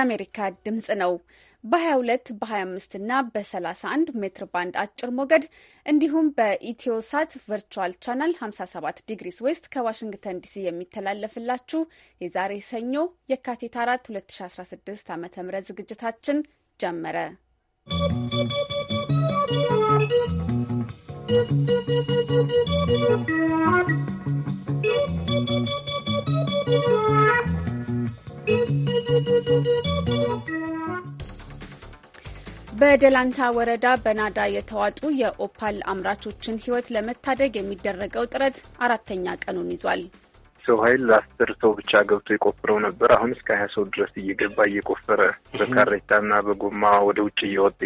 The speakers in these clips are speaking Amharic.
የአሜሪካ ድምፅ ነው። በ22 በ25 እና በ31 ሜትር ባንድ አጭር ሞገድ እንዲሁም በኢትዮሳት ቨርቹዋል ቻናል 57 ዲግሪስ ዌስት ከዋሽንግተን ዲሲ የሚተላለፍላችሁ የዛሬ ሰኞ የካቲት 4 2016 ዓ ም ዝግጅታችን ጀመረ። ¶¶ በደላንታ ወረዳ በናዳ የተዋጡ የኦፓል አምራቾችን ሕይወት ለመታደግ የሚደረገው ጥረት አራተኛ ቀኑን ይዟል። ሰው ኃይል ለአስር ሰው ብቻ ገብቶ የቆፍረው ነበር። አሁን እስከ ሀያ ሰው ድረስ እየገባ እየቆፈረ በካሬታና በጎማ ወደ ውጭ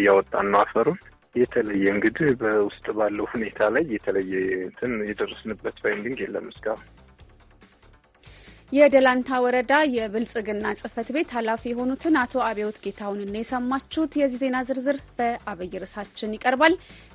እያወጣን ነው አፈሩን። የተለየ እንግዲህ በውስጥ ባለው ሁኔታ ላይ የተለየ እንትን የደረስንበት ፋይንዲንግ የለም እስካሁን የደላንታ ወረዳ የብልጽግና ጽህፈት ቤት ኃላፊ የሆኑትን አቶ አብዮት ጌታሁንን የሰማችሁት። የዚህ ዜና ዝርዝር በአብይ ርዕሳችን ይቀርባል።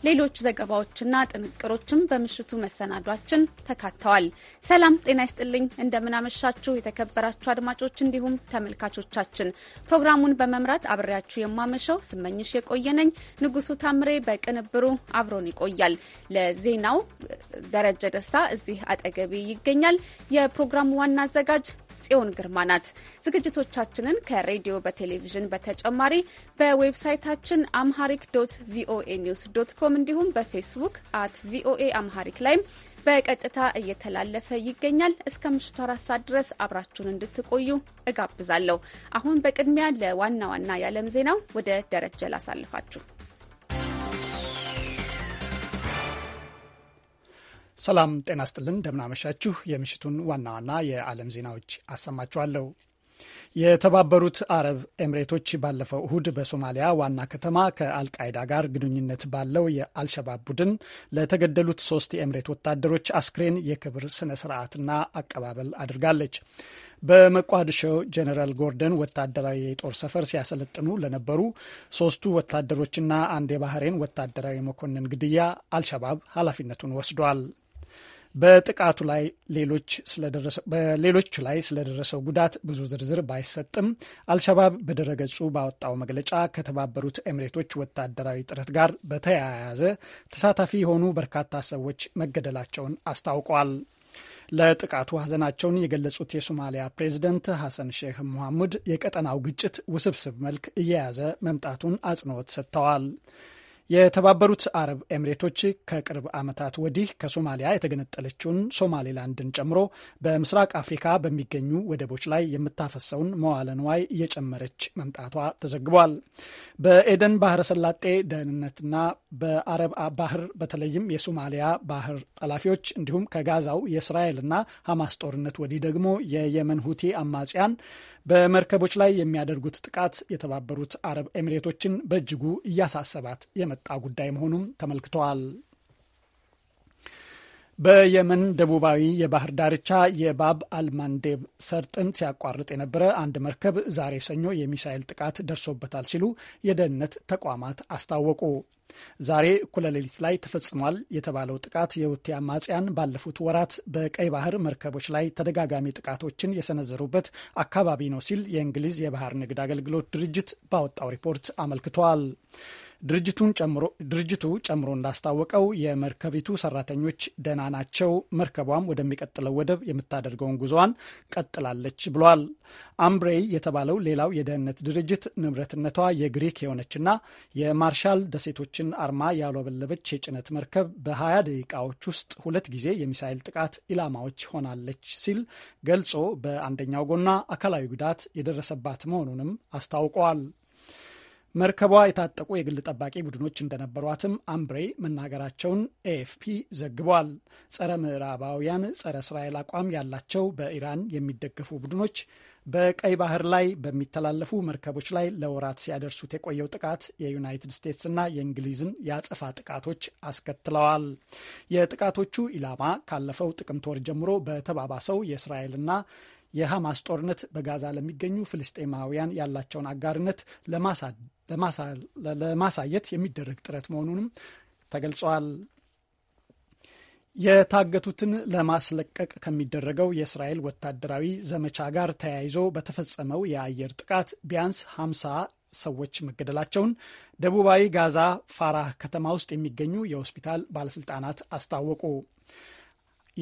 ሌሎች ዘገባዎችና ጥንቅሮችም በምሽቱ መሰናዷችን ተካተዋል። ሰላም ጤና ይስጥልኝ። እንደምናመሻችሁ የተከበራችሁ አድማጮች እንዲሁም ተመልካቾቻችን ፕሮግራሙን በመምራት አብሬያችሁ የማመሸው ስመኝሽ የቆየነኝ። ንጉሱ ታምሬ በቅንብሩ አብሮን ይቆያል። ለዜናው ደረጀ ደስታ እዚህ አጠገቤ ይገኛል። የፕሮግራሙ ዋና አዘጋጅ ጽዮን ግርማ ናት። ዝግጅቶቻችንን ከሬዲዮ በቴሌቪዥን በተጨማሪ በዌብሳይታችን አምሃሪክ ዶት ቪኦኤ ኒውስ ዶት ኮም እንዲሁም በፌስቡክ አት ቪኦኤ አምሃሪክ ላይም በቀጥታ እየተላለፈ ይገኛል። እስከ ምሽቱ አራት ሰዓት ድረስ አብራችሁን እንድትቆዩ እጋብዛለሁ። አሁን በቅድሚያ ለዋና ዋና የዓለም ዜናው ወደ ደረጀ ላሳልፋችሁ። ሰላም ጤና ስጥልን፣ እንደምናመሻችሁ። የምሽቱን ዋና ዋና የዓለም ዜናዎች አሰማችኋለሁ። የተባበሩት አረብ ኤምሬቶች ባለፈው እሁድ በሶማሊያ ዋና ከተማ ከአልቃይዳ ጋር ግንኙነት ባለው የአልሸባብ ቡድን ለተገደሉት ሶስት የኤምሬት ወታደሮች አስክሬን የክብር ስነ ስርዓትና አቀባበል አድርጋለች። በመቋድሾው ጀነራል ጎርደን ወታደራዊ የጦር ሰፈር ሲያሰለጥኑ ለነበሩ ሶስቱ ወታደሮችና አንድ የባህሬን ወታደራዊ መኮንን ግድያ አልሸባብ ኃላፊነቱን ወስዷል። በጥቃቱ ላይ በሌሎች ላይ ስለደረሰው ጉዳት ብዙ ዝርዝር ባይሰጥም አልሸባብ በድረገጹ ባወጣው መግለጫ ከተባበሩት ኤሚሬቶች ወታደራዊ ጥረት ጋር በተያያዘ ተሳታፊ የሆኑ በርካታ ሰዎች መገደላቸውን አስታውቋል። ለጥቃቱ ሀዘናቸውን የገለጹት የሶማሊያ ፕሬዚደንት ሐሰን ሼህ መሐሙድ የቀጠናው ግጭት ውስብስብ መልክ እየያዘ መምጣቱን አጽንኦት ሰጥተዋል። የተባበሩት አረብ ኤሚሬቶች ከቅርብ ዓመታት ወዲህ ከሶማሊያ የተገነጠለችውን ሶማሌላንድን ጨምሮ በምስራቅ አፍሪካ በሚገኙ ወደቦች ላይ የምታፈሰውን መዋለ ንዋይ እየጨመረች መምጣቷ ተዘግቧል። በኤደን ባህረ ሰላጤ ደህንነትና በአረብ ባህር በተለይም የሶማሊያ ባህር ጠላፊዎች እንዲሁም ከጋዛው የእስራኤልና ሐማስ ጦርነት ወዲህ ደግሞ የየመን ሁቲ አማጽያን በመርከቦች ላይ የሚያደርጉት ጥቃት የተባበሩት አረብ ኤሚሬቶችን በእጅጉ እያሳሰባት የመ የመጣ ጉዳይ መሆኑም ተመልክተዋል። በየመን ደቡባዊ የባህር ዳርቻ የባብ አልማንዴብ ሰርጥን ሲያቋርጥ የነበረ አንድ መርከብ ዛሬ ሰኞ የሚሳኤል ጥቃት ደርሶበታል ሲሉ የደህንነት ተቋማት አስታወቁ። ዛሬ እኩለ ሌሊት ላይ ተፈጽሟል የተባለው ጥቃት የሁቲ አማጽያን ባለፉት ወራት በቀይ ባህር መርከቦች ላይ ተደጋጋሚ ጥቃቶችን የሰነዘሩበት አካባቢ ነው ሲል የእንግሊዝ የባህር ንግድ አገልግሎት ድርጅት ባወጣው ሪፖርት አመልክቷል። ድርጅቱን ጨምሮ ድርጅቱ ጨምሮ እንዳስታወቀው የመርከቢቱ ሰራተኞች ደህና ናቸው። መርከቧም ወደሚቀጥለው ወደብ የምታደርገውን ጉዞዋን ቀጥላለች ብሏል። አምብሬይ የተባለው ሌላው የደህንነት ድርጅት ንብረትነቷ የግሪክ የሆነችና የማርሻል ደሴቶችን አርማ ያውለበለበች የጭነት መርከብ በ20 ደቂቃዎች ውስጥ ሁለት ጊዜ የሚሳይል ጥቃት ኢላማዎች ሆናለች ሲል ገልጾ በአንደኛው ጎኗ አካላዊ ጉዳት የደረሰባት መሆኑንም አስታውቋል። መርከቧ የታጠቁ የግል ጠባቂ ቡድኖች እንደነበሯትም አምብሬ መናገራቸውን ኤኤፍፒ ዘግቧል። ጸረ ምዕራባውያን፣ ጸረ እስራኤል አቋም ያላቸው በኢራን የሚደገፉ ቡድኖች በቀይ ባህር ላይ በሚተላለፉ መርከቦች ላይ ለወራት ሲያደርሱት የቆየው ጥቃት የዩናይትድ ስቴትስና የእንግሊዝን የአጸፋ ጥቃቶች አስከትለዋል። የጥቃቶቹ ኢላማ ካለፈው ጥቅምት ወር ጀምሮ በተባባሰው የእስራኤልና የሐማስ ጦርነት በጋዛ ለሚገኙ ፍልስጤማውያን ያላቸውን አጋርነት ለማሳደግ ለማሳየት የሚደረግ ጥረት መሆኑንም ተገልጿል። የታገቱትን ለማስለቀቅ ከሚደረገው የእስራኤል ወታደራዊ ዘመቻ ጋር ተያይዞ በተፈጸመው የአየር ጥቃት ቢያንስ ሀምሳ ሰዎች መገደላቸውን ደቡባዊ ጋዛ ፋራህ ከተማ ውስጥ የሚገኙ የሆስፒታል ባለስልጣናት አስታወቁ።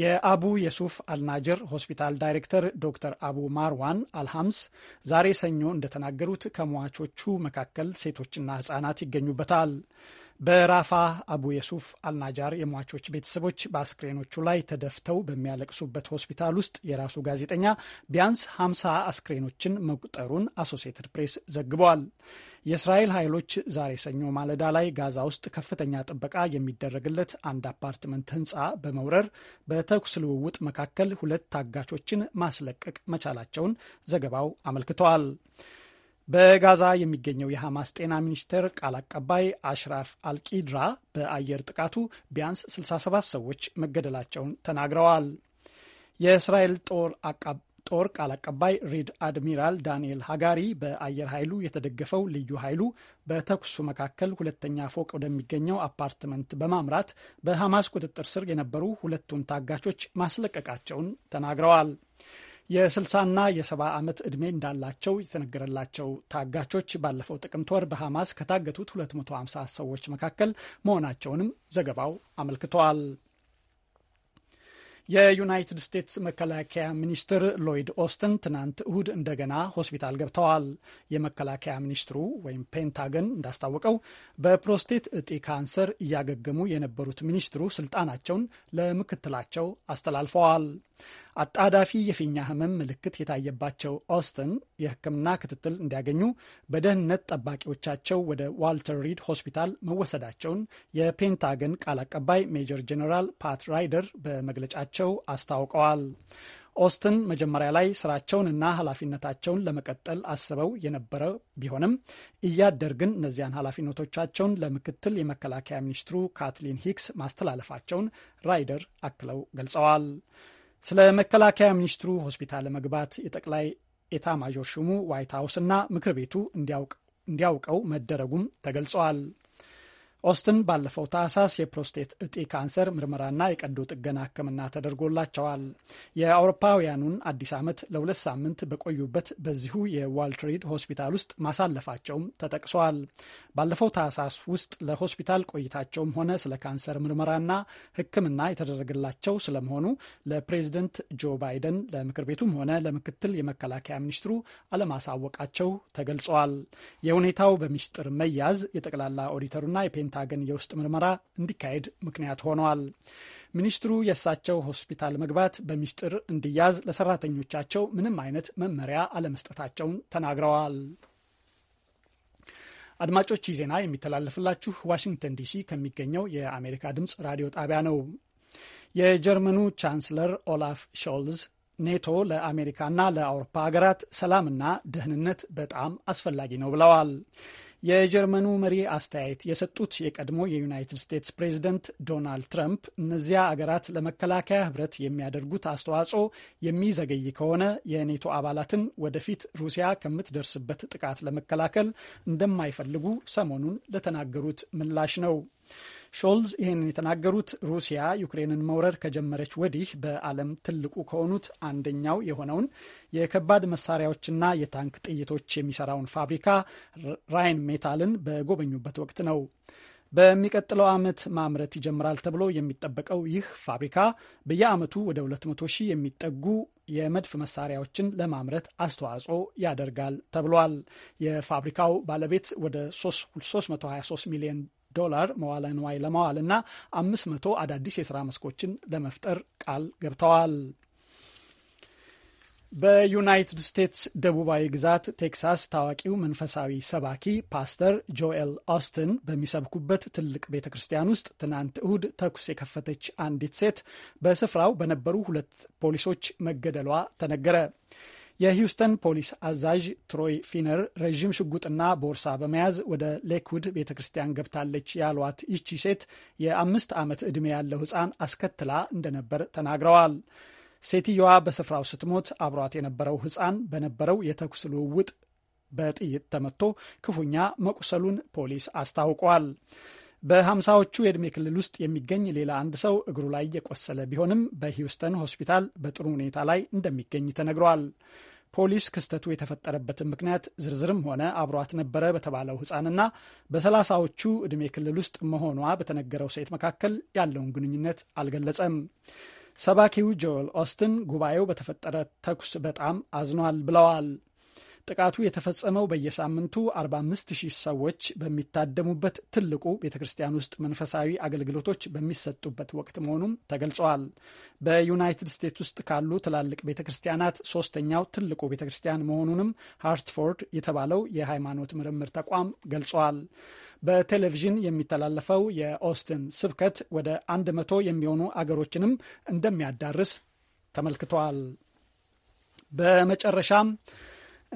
የአቡ የሱፍ አልናጀር ሆስፒታል ዳይሬክተር ዶክተር አቡ ማርዋን አልሃምስ ዛሬ ሰኞ እንደተናገሩት ከሟቾቹ መካከል ሴቶችና ህጻናት ይገኙበታል። በራፋ አቡ የሱፍ አልናጃር የሟቾች ቤተሰቦች በአስክሬኖቹ ላይ ተደፍተው በሚያለቅሱበት ሆስፒታል ውስጥ የራሱ ጋዜጠኛ ቢያንስ 50 አስክሬኖችን መቁጠሩን አሶሲየትድ ፕሬስ ዘግበዋል። የእስራኤል ኃይሎች ዛሬ ሰኞ ማለዳ ላይ ጋዛ ውስጥ ከፍተኛ ጥበቃ የሚደረግለት አንድ አፓርትመንት ህንፃ በመውረር በተኩስ ልውውጥ መካከል ሁለት ታጋቾችን ማስለቀቅ መቻላቸውን ዘገባው አመልክተዋል። በጋዛ የሚገኘው የሐማስ ጤና ሚኒስቴር ቃል አቀባይ አሽራፍ አልቂድራ በአየር ጥቃቱ ቢያንስ 67 ሰዎች መገደላቸውን ተናግረዋል። የእስራኤል ጦር ጦር ቃል አቀባይ ሪድ አድሚራል ዳንኤል ሃጋሪ በአየር ኃይሉ የተደገፈው ልዩ ኃይሉ በተኩሱ መካከል ሁለተኛ ፎቅ ወደሚገኘው አፓርትመንት በማምራት በሐማስ ቁጥጥር ስር የነበሩ ሁለቱን ታጋቾች ማስለቀቃቸውን ተናግረዋል። የ60ና የ70 ዓመት ዕድሜ እንዳላቸው የተነገረላቸው ታጋቾች ባለፈው ጥቅምት ወር በሐማስ ከታገቱት 250 ሰዎች መካከል መሆናቸውንም ዘገባው አመልክተዋል። የዩናይትድ ስቴትስ መከላከያ ሚኒስትር ሎይድ ኦስትን ትናንት እሁድ እንደገና ሆስፒታል ገብተዋል። የመከላከያ ሚኒስትሩ ወይም ፔንታገን እንዳስታወቀው በፕሮስቴት እጢ ካንሰር እያገገሙ የነበሩት ሚኒስትሩ ስልጣናቸውን ለምክትላቸው አስተላልፈዋል። አጣዳፊ የፊኛ ህመም ምልክት የታየባቸው ኦስትን የሕክምና ክትትል እንዲያገኙ በደህንነት ጠባቂዎቻቸው ወደ ዋልተር ሪድ ሆስፒታል መወሰዳቸውን የፔንታገን ቃል አቀባይ ሜጀር ጄኔራል ፓት ራይደር በመግለጫቸው እንደሚያስፈልጋቸው አስታውቀዋል። ኦስትን መጀመሪያ ላይ ስራቸውንና ኃላፊነታቸውን ለመቀጠል አስበው የነበረ ቢሆንም እያደር ግን እነዚያን ኃላፊነቶቻቸውን ለምክትል የመከላከያ ሚኒስትሩ ካትሊን ሂክስ ማስተላለፋቸውን ራይደር አክለው ገልጸዋል። ስለ መከላከያ ሚኒስትሩ ሆስፒታል ለመግባት የጠቅላይ ኤታ ማዦር ሹሙ ዋይት ሀውስ እና ምክር ቤቱ እንዲያውቀው መደረጉም ተገልጸዋል። ኦስትን ባለፈው ታህሳስ የፕሮስቴት እጢ ካንሰር ምርመራና የቀዶ ጥገና ሕክምና ተደርጎላቸዋል። የአውሮፓውያኑን አዲስ ዓመት ለሁለት ሳምንት በቆዩበት በዚሁ የዋልትሪድ ሆስፒታል ውስጥ ማሳለፋቸውም ተጠቅሷል። ባለፈው ታህሳስ ውስጥ ለሆስፒታል ቆይታቸውም ሆነ ስለ ካንሰር ምርመራና ሕክምና የተደረገላቸው ስለመሆኑ ለፕሬዝደንት ጆ ባይደን ለምክር ቤቱም ሆነ ለምክትል የመከላከያ ሚኒስትሩ አለማሳወቃቸው ተገልጸዋል። የሁኔታው በሚስጥር መያዝ የጠቅላላ ኦዲተሩና የፔንታገን የውስጥ ምርመራ እንዲካሄድ ምክንያት ሆነዋል። ሚኒስትሩ የእሳቸው ሆስፒታል መግባት በሚስጥር እንዲያዝ ለሰራተኞቻቸው ምንም አይነት መመሪያ አለመስጠታቸውን ተናግረዋል። አድማጮች ዜና የሚተላለፍላችሁ ዋሽንግተን ዲሲ ከሚገኘው የአሜሪካ ድምፅ ራዲዮ ጣቢያ ነው። የጀርመኑ ቻንስለር ኦላፍ ሾልዝ ኔቶ ለአሜሪካና ለአውሮፓ ሀገራት ሰላምና ደህንነት በጣም አስፈላጊ ነው ብለዋል። የጀርመኑ መሪ አስተያየት የሰጡት የቀድሞ የዩናይትድ ስቴትስ ፕሬዚደንት ዶናልድ ትራምፕ እነዚያ አገራት ለመከላከያ ህብረት የሚያደርጉት አስተዋጽኦ የሚዘገይ ከሆነ የኔቶ አባላትን ወደፊት ሩሲያ ከምትደርስበት ጥቃት ለመከላከል እንደማይፈልጉ ሰሞኑን ለተናገሩት ምላሽ ነው። ሾልዝ ይህንን የተናገሩት ሩሲያ ዩክሬንን መውረር ከጀመረች ወዲህ በዓለም ትልቁ ከሆኑት አንደኛው የሆነውን የከባድ መሳሪያዎችና የታንክ ጥይቶች የሚሰራውን ፋብሪካ ራይን ሜታልን በጎበኙበት ወቅት ነው። በሚቀጥለው ዓመት ማምረት ይጀምራል ተብሎ የሚጠበቀው ይህ ፋብሪካ በየዓመቱ ወደ 200 ሺህ የሚጠጉ የመድፍ መሳሪያዎችን ለማምረት አስተዋጽኦ ያደርጋል ተብሏል። የፋብሪካው ባለቤት ወደ 323 ሚሊዮን ዶላር መዋለ ንዋይ ለማዋል እና አምስት መቶ አዳዲስ የስራ መስኮችን ለመፍጠር ቃል ገብተዋል። በዩናይትድ ስቴትስ ደቡባዊ ግዛት ቴክሳስ ታዋቂው መንፈሳዊ ሰባኪ ፓስተር ጆኤል ኦስትን በሚሰብኩበት ትልቅ ቤተ ክርስቲያን ውስጥ ትናንት እሁድ ተኩስ የከፈተች አንዲት ሴት በስፍራው በነበሩ ሁለት ፖሊሶች መገደሏ ተነገረ። የሂውስተን ፖሊስ አዛዥ ትሮይ ፊነር ረዥም ሽጉጥና ቦርሳ በመያዝ ወደ ሌክውድ ቤተ ክርስቲያን ገብታለች ያሏት ይቺ ሴት የአምስት ዓመት ዕድሜ ያለው ሕፃን አስከትላ እንደነበር ተናግረዋል። ሴትየዋ በስፍራው ስትሞት አብሯት የነበረው ሕፃን በነበረው የተኩስ ልውውጥ በጥይት ተመቶ ክፉኛ መቁሰሉን ፖሊስ አስታውቋል። በሀምሳዎቹ የዕድሜ ክልል ውስጥ የሚገኝ ሌላ አንድ ሰው እግሩ ላይ የቆሰለ ቢሆንም በሂውስተን ሆስፒታል በጥሩ ሁኔታ ላይ እንደሚገኝ ተነግሯል። ፖሊስ ክስተቱ የተፈጠረበትን ምክንያት ዝርዝርም ሆነ አብሯት ነበረ በተባለው ሕፃንና በሰላሳዎቹ ዕድሜ ክልል ውስጥ መሆኗ በተነገረው ሴት መካከል ያለውን ግንኙነት አልገለጸም። ሰባኪው ጆል ኦስትን ጉባኤው በተፈጠረ ተኩስ በጣም አዝኗል ብለዋል። ጥቃቱ የተፈጸመው በየሳምንቱ 45000 ሰዎች በሚታደሙበት ትልቁ ቤተ ክርስቲያን ውስጥ መንፈሳዊ አገልግሎቶች በሚሰጡበት ወቅት መሆኑም ተገልጸዋል። በዩናይትድ ስቴትስ ውስጥ ካሉ ትላልቅ ቤተ ክርስቲያናት ሶስተኛው ትልቁ ቤተ ክርስቲያን መሆኑንም ሃርትፎርድ የተባለው የሃይማኖት ምርምር ተቋም ገልጸዋል። በቴሌቪዥን የሚተላለፈው የኦስትን ስብከት ወደ 100 የሚሆኑ አገሮችንም እንደሚያዳርስ ተመልክቷል። በመጨረሻም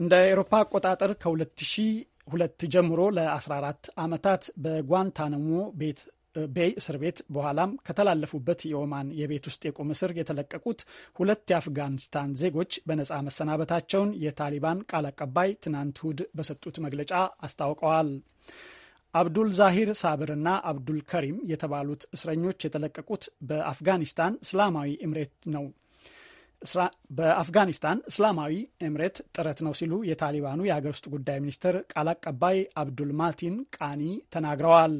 እንደ አውሮፓ አቆጣጠር ከ2002 ጀምሮ ለ14 ዓመታት በጓንታናሞ ቤት ቤይ እስር ቤት በኋላም ከተላለፉበት የኦማን የቤት ውስጥ የቁም እስር የተለቀቁት ሁለት የአፍጋኒስታን ዜጎች በነፃ መሰናበታቸውን የታሊባን ቃል አቀባይ ትናንት እሁድ በሰጡት መግለጫ አስታውቀዋል። አብዱል ዛሂር ሳብር እና አብዱል ከሪም የተባሉት እስረኞች የተለቀቁት በአፍጋኒስታን እስላማዊ እምሬት ነው በአፍጋኒስታን እስላማዊ እምረት ጥረት ነው ሲሉ የታሊባኑ የሀገር ውስጥ ጉዳይ ሚኒስትር ቃል አቀባይ አብዱልማቲን ቃኒ ተናግረዋል።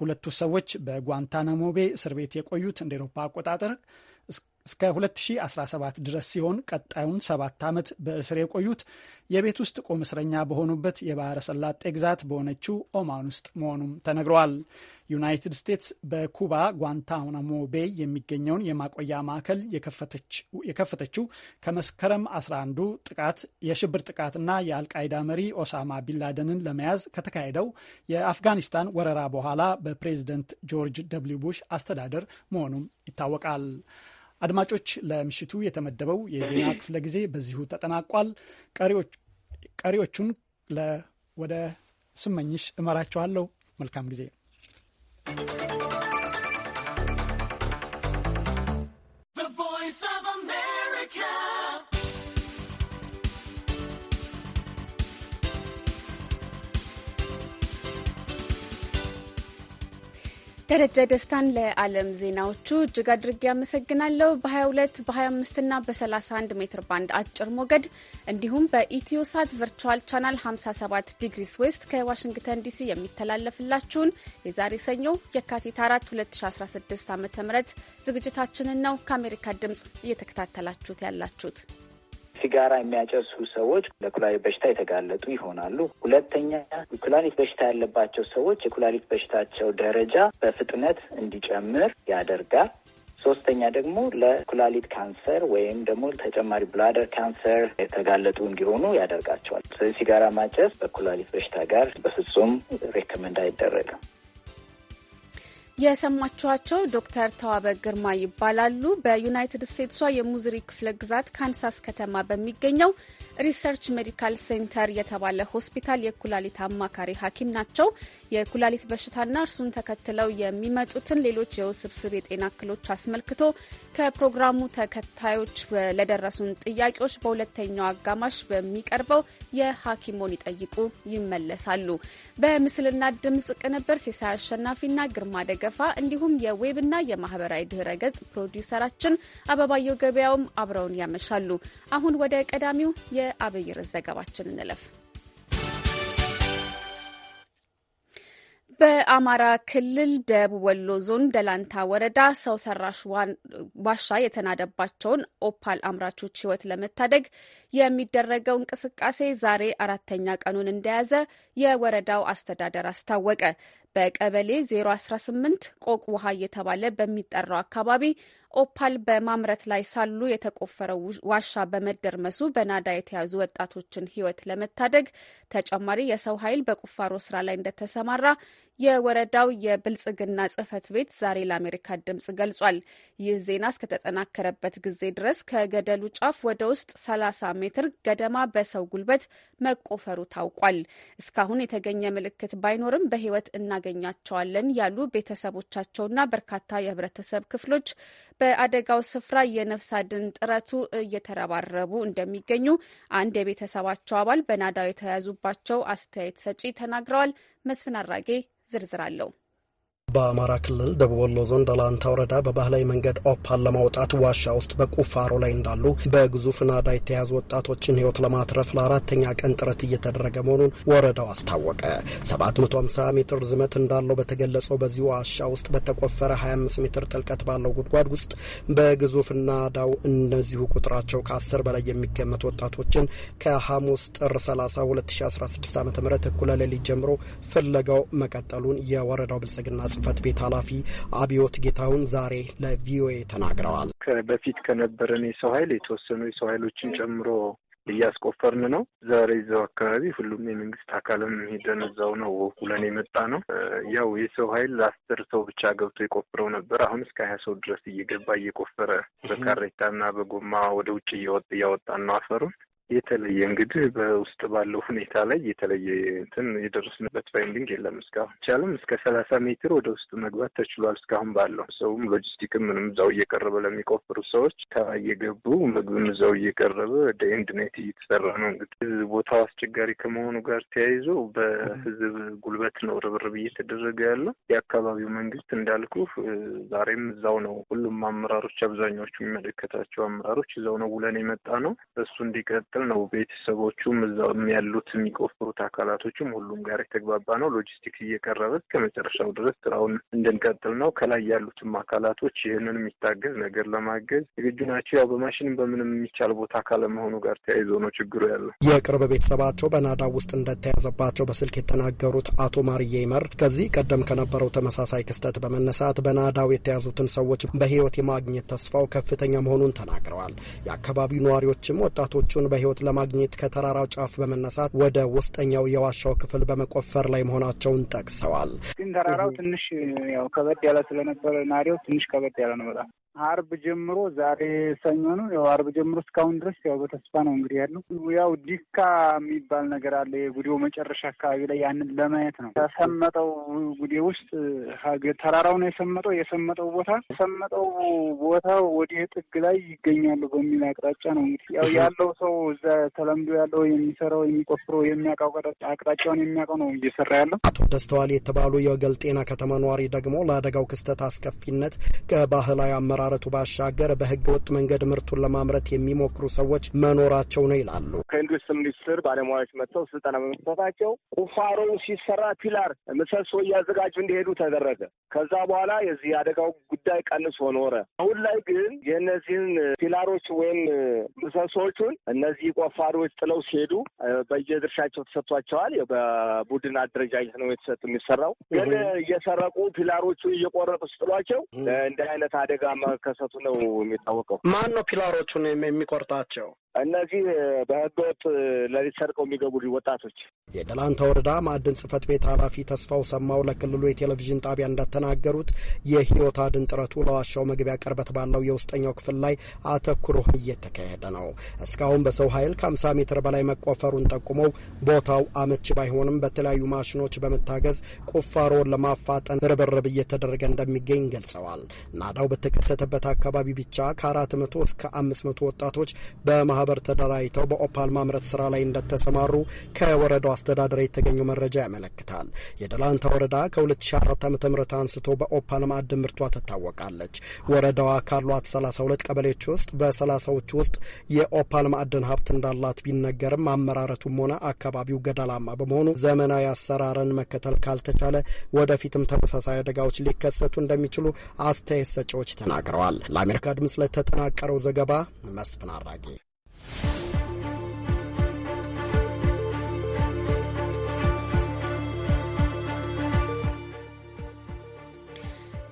ሁለቱ ሰዎች በጓንታናሞቤ እስር ቤት የቆዩት እንደ ኤሮፓ አቆጣጠር እስከ 2017 ድረስ ሲሆን ቀጣዩን ሰባት ዓመት በእስር የቆዩት የቤት ውስጥ ቁም እስረኛ በሆኑበት የባህረ ሰላጤ ግዛት በሆነችው ኦማን ውስጥ መሆኑም ተነግረዋል። ዩናይትድ ስቴትስ በኩባ ጓንታናሞ ቤይ የሚገኘውን የማቆያ ማዕከል የከፈተችው ከመስከረም 11 ጥቃት የሽብር ጥቃትና የአልቃይዳ መሪ ኦሳማ ቢንላደንን ለመያዝ ከተካሄደው የአፍጋኒስታን ወረራ በኋላ በፕሬዝደንት ጆርጅ ደብሊው ቡሽ አስተዳደር መሆኑም ይታወቃል። አድማጮች፣ ለምሽቱ የተመደበው የዜና ክፍለ ጊዜ በዚሁ ተጠናቋል። ቀሪዎቹን ወደ ስመኝሽ እመራቸዋለሁ። መልካም ጊዜ። ደረጃ ደስታን ለዓለም ዜናዎቹ እጅግ አድርጌ ያመሰግናለሁ። በ22 በ25 እና በ31 ሜትር ባንድ አጭር ሞገድ እንዲሁም በኢትዮሳት ቨርቹዋል ቻናል 57 ዲግሪስ ዌስት ከዋሽንግተን ዲሲ የሚተላለፍላችሁን የዛሬ ሰኞ የካቲት 4 2016 ዓ ም ዝግጅታችንን ነው ከአሜሪካ ድምፅ እየተከታተላችሁት ያላችሁት። ሲጋራ የሚያጨሱ ሰዎች ለኩላሊት በሽታ የተጋለጡ ይሆናሉ። ሁለተኛ የኩላሊት በሽታ ያለባቸው ሰዎች የኩላሊት በሽታቸው ደረጃ በፍጥነት እንዲጨምር ያደርጋል። ሶስተኛ ደግሞ ለኩላሊት ካንሰር ወይም ደግሞ ተጨማሪ ብላደር ካንሰር የተጋለጡ እንዲሆኑ ያደርጋቸዋል። ስለዚህ ሲጋራ ማጨስ በኩላሊት በሽታ ጋር በፍጹም ሬኮመንድ አይደረግም። የሰማችኋቸው ዶክተር ተዋበ ግርማ ይባላሉ። በዩናይትድ ስቴትሷ የሙዝሪ ክፍለ ግዛት ካንሳስ ከተማ በሚገኘው ሪሰርች ሜዲካል ሴንተር የተባለ ሆስፒታል የኩላሊት አማካሪ ሐኪም ናቸው። የኩላሊት በሽታና እርሱን ተከትለው የሚመጡትን ሌሎች የውስብስብ የጤና እክሎች አስመልክቶ ከፕሮግራሙ ተከታዮች ለደረሱን ጥያቄዎች በሁለተኛው አጋማሽ በሚቀርበው የሐኪሞን ይጠይቁ ይመለሳሉ። በምስልና ድምጽ ቅንብር ሲሳይ አሸናፊና ግርማ ደገ አሰፋ እንዲሁም የዌብና የማህበራዊ ድህረ ገጽ ፕሮዲውሰራችን አበባየው ገበያውም አብረውን ያመሻሉ። አሁን ወደ ቀዳሚው የአብይ ርዕስ ዘገባችን እንለፍ። በአማራ ክልል ደቡብ ወሎ ዞን ደላንታ ወረዳ ሰው ሰራሽ ዋሻ የተናደባቸውን ኦፓል አምራቾች ሕይወት ለመታደግ የሚደረገው እንቅስቃሴ ዛሬ አራተኛ ቀኑን እንደያዘ የወረዳው አስተዳደር አስታወቀ። በቀበሌ 018 ቆቅ ውሃ እየተባለ በሚጠራው አካባቢ ኦፓል በማምረት ላይ ሳሉ የተቆፈረው ዋሻ በመደርመሱ በናዳ የተያዙ ወጣቶችን ሕይወት ለመታደግ ተጨማሪ የሰው ኃይል በቁፋሮ ስራ ላይ እንደተሰማራ የወረዳው የብልጽግና ጽህፈት ቤት ዛሬ ለአሜሪካ ድምጽ ገልጿል። ይህ ዜና እስከተጠናከረበት ጊዜ ድረስ ከገደሉ ጫፍ ወደ ውስጥ 30 ሜትር ገደማ በሰው ጉልበት መቆፈሩ ታውቋል። እስካሁን የተገኘ ምልክት ባይኖርም በህይወት እናገኛቸዋለን ያሉ ቤተሰቦቻቸውና በርካታ የህብረተሰብ ክፍሎች በአደጋው ስፍራ የነፍስ አድን ጥረቱ እየተረባረቡ እንደሚገኙ አንድ የቤተሰባቸው አባል በናዳው የተያዙባቸው አስተያየት ሰጪ ተናግረዋል። መስፍን አራጌ ዝርዝር አለው። በአማራ ክልል ደቡብ ወሎ ዞን ደላንታ ወረዳ በባህላዊ መንገድ ኦፓል ለማውጣት ዋሻ ውስጥ በቁፋሮ ላይ እንዳሉ በግዙፍ ናዳ የተያዙ ወጣቶችን ሕይወት ለማትረፍ ለአራተኛ ቀን ጥረት እየተደረገ መሆኑን ወረዳው አስታወቀ። 750 ሜትር ዝመት እንዳለው በተገለጸው በዚህ ዋሻ ውስጥ በተቆፈረ 25 ሜትር ጥልቀት ባለው ጉድጓድ ውስጥ በግዙፍ ናዳው እነዚሁ ቁጥራቸው ከ10 በላይ የሚገመቱ ወጣቶችን ከሐሙስ ጥር 30 2016 ዓ ም እኩለ ሌሊት ጀምሮ ፍለጋው መቀጠሉን የወረዳው ብልጽግና ጽህፈት ቤት ኃላፊ አብዮት ጌታሁን ዛሬ ለቪኦኤ ተናግረዋል። በፊት ከነበረን የሰው ኃይል የተወሰኑ የሰው ኃይሎችን ጨምሮ እያስቆፈርን ነው። ዛሬ እዛው አካባቢ ሁሉም የመንግስት አካልም ሄደን እዛው ነው ውለን የመጣ ነው። ያው የሰው ኃይል አስር ሰው ብቻ ገብቶ የቆፍረው ነበር። አሁን እስከ ሀያ ሰው ድረስ እየገባ እየቆፈረ በካሬታና በጎማ ወደ ውጭ እያወጣ እያወጣን ነው አፈሩን የተለየ እንግዲህ በውስጥ ባለው ሁኔታ ላይ የተለየ እንትን የደረስንበት ፋይንዲንግ የለም። እስካሁን ቻለም እስከ ሰላሳ ሜትር ወደ ውስጥ መግባት ተችሏል። እስካሁን ባለው ሰውም ሎጂስቲክም ምንም እዛው እየቀረበ ለሚቆፍሩ ሰዎች ከላይ እየገቡ ምግብም እዛው እየቀረበ ወደ እየተሰራ ነው። እንግዲህ ቦታው አስቸጋሪ ከመሆኑ ጋር ተያይዞ በህዝብ ጉልበት ነው ርብርብ እየተደረገ ያለው። የአካባቢው መንግስት እንዳልኩ ዛሬም እዛው ነው። ሁሉም አመራሮች፣ አብዛኛዎቹ የሚመለከታቸው አመራሮች እዛው ነው ውለን የመጣ ነው እሱ እንዲቀጥ የሚቀጥል ነው። ቤተሰቦቹም እዛም ያሉት የሚቆፍሩት አካላቶችም ሁሉም ጋር የተግባባ ነው። ሎጂስቲክስ እየቀረበ እስከ መጨረሻው ድረስ ስራውን እንድንቀጥል ነው። ከላይ ያሉትም አካላቶች ይህንን የሚታገዝ ነገር ለማገዝ ዝግጁ ናቸው። ያው በማሽንም በምንም የሚቻል ቦታ ካለመሆኑ ጋር ተያይዞ ነው ችግሩ ያለው። የቅርብ ቤተሰባቸው በናዳ ውስጥ እንደተያዘባቸው በስልክ የተናገሩት አቶ ማርዬ ይመር ከዚህ ቀደም ከነበረው ተመሳሳይ ክስተት በመነሳት በናዳው የተያዙትን ሰዎች በህይወት የማግኘት ተስፋው ከፍተኛ መሆኑን ተናግረዋል። የአካባቢው ነዋሪዎችም ወጣቶቹን በ ሕይወት ለማግኘት ከተራራው ጫፍ በመነሳት ወደ ውስጠኛው የዋሻው ክፍል በመቆፈር ላይ መሆናቸውን ጠቅሰዋል። ግን ተራራው ትንሽ ያው ከበድ ያለ ስለነበረ ናሪው ትንሽ ከበድ ያለ ነው በጣም አርብ ጀምሮ ዛሬ ሰኞ ነው። ያው አርብ ጀምሮ እስካሁን ድረስ ያው በተስፋ ነው እንግዲህ ያለው። ያው ዲካ የሚባል ነገር አለ የጉዴው መጨረሻ አካባቢ ላይ ያንን ለማየት ነው። ከሰመጠው ጉዴ ውስጥ ተራራው ነው የሰመጠው። የሰመጠው ቦታ የሰመጠው ቦታ ወደ ጥግ ላይ ይገኛሉ በሚል አቅጣጫ ነው እንግዲህ ያው ያለው ሰው እዛ ተለምዶ ያለው የሚሰራው የሚቆፍረው የሚያውቀው አቅጣጫውን የሚያውቀው ነው እየሰራ ያለው። አቶ ደስተዋል የተባሉ የገልጤና ከተማ ነዋሪ ደግሞ ለአደጋው ክስተት አስከፊነት ከባህላዊ አመራ ከመሻረቱ ባሻገር በህገ ወጥ መንገድ ምርቱን ለማምረት የሚሞክሩ ሰዎች መኖራቸው ነው ይላሉ። ከኢንዱስትሪ ሚኒስቴር ባለሙያዎች መጥተው ስልጠና በመስጠታቸው ቁፋሮው ሲሰራ ፒላር ምሰሶ እያዘጋጁ እንዲሄዱ ተደረገ። ከዛ በኋላ የዚህ አደጋው ጉዳይ ቀንሶ ኖረ። አሁን ላይ ግን የእነዚህን ፒላሮች ወይም ምሰሶዎቹን እነዚህ ቆፋሪዎች ጥለው ሲሄዱ በየድርሻቸው ተሰጥቷቸዋል። በቡድን አደረጃጀት ነው የተሰጥ የሚሰራው። ግን እየሰረቁ ፒላሮቹ እየቆረጡ ስጥሏቸው እንደ አይነት አደጋ መከሰቱ ነው የሚታወቀው። ማን ነው ፒላሮቹን የሚቆርጣቸው? እነዚህ በህገወጥ ለሊት ሰርቀው የሚገቡ ወጣቶች። የደላንታ ወረዳ ማዕድን ጽህፈት ቤት ኃላፊ ተስፋው ሰማው ለክልሉ የቴሌቪዥን ጣቢያ እንደተናገሩት የህይወት አድን ጥረቱ ለዋሻው መግቢያ ቅርበት ባለው የውስጠኛው ክፍል ላይ አተኩሮ እየተካሄደ ነው። እስካሁን በሰው ኃይል ከ50 ሜትር በላይ መቆፈሩን ጠቁመው ቦታው አመች ባይሆንም በተለያዩ ማሽኖች በመታገዝ ቁፋሮን ለማፋጠን ርብርብ እየተደረገ እንደሚገኝ ገልጸዋል። ናዳው በተከሰተበት አካባቢ ብቻ ከ400 እስከ 500 ወጣቶች በማ ማህበር ተደራጅተው በኦፓል ማምረት ስራ ላይ እንደተሰማሩ ከወረዳው አስተዳደር የተገኙ መረጃ ያመለክታል። የደላንታ ወረዳ ከ2004 ዓ ም አንስቶ በኦፓል ማዕድን ምርቷ ትታወቃለች። ወረዳዋ ካሏት 32 ቀበሌዎች ውስጥ በሰላሳዎች ውስጥ የኦፓል ማዕድን ሀብት እንዳላት ቢነገርም አመራረቱም ሆነ አካባቢው ገደላማ በመሆኑ ዘመናዊ አሰራርን መከተል ካልተቻለ ወደፊትም ተመሳሳይ አደጋዎች ሊከሰቱ እንደሚችሉ አስተያየት ሰጪዎች ተናግረዋል። ለአሜሪካ ድምፅ ለተጠናቀረው ዘገባ መስፍን አራጌ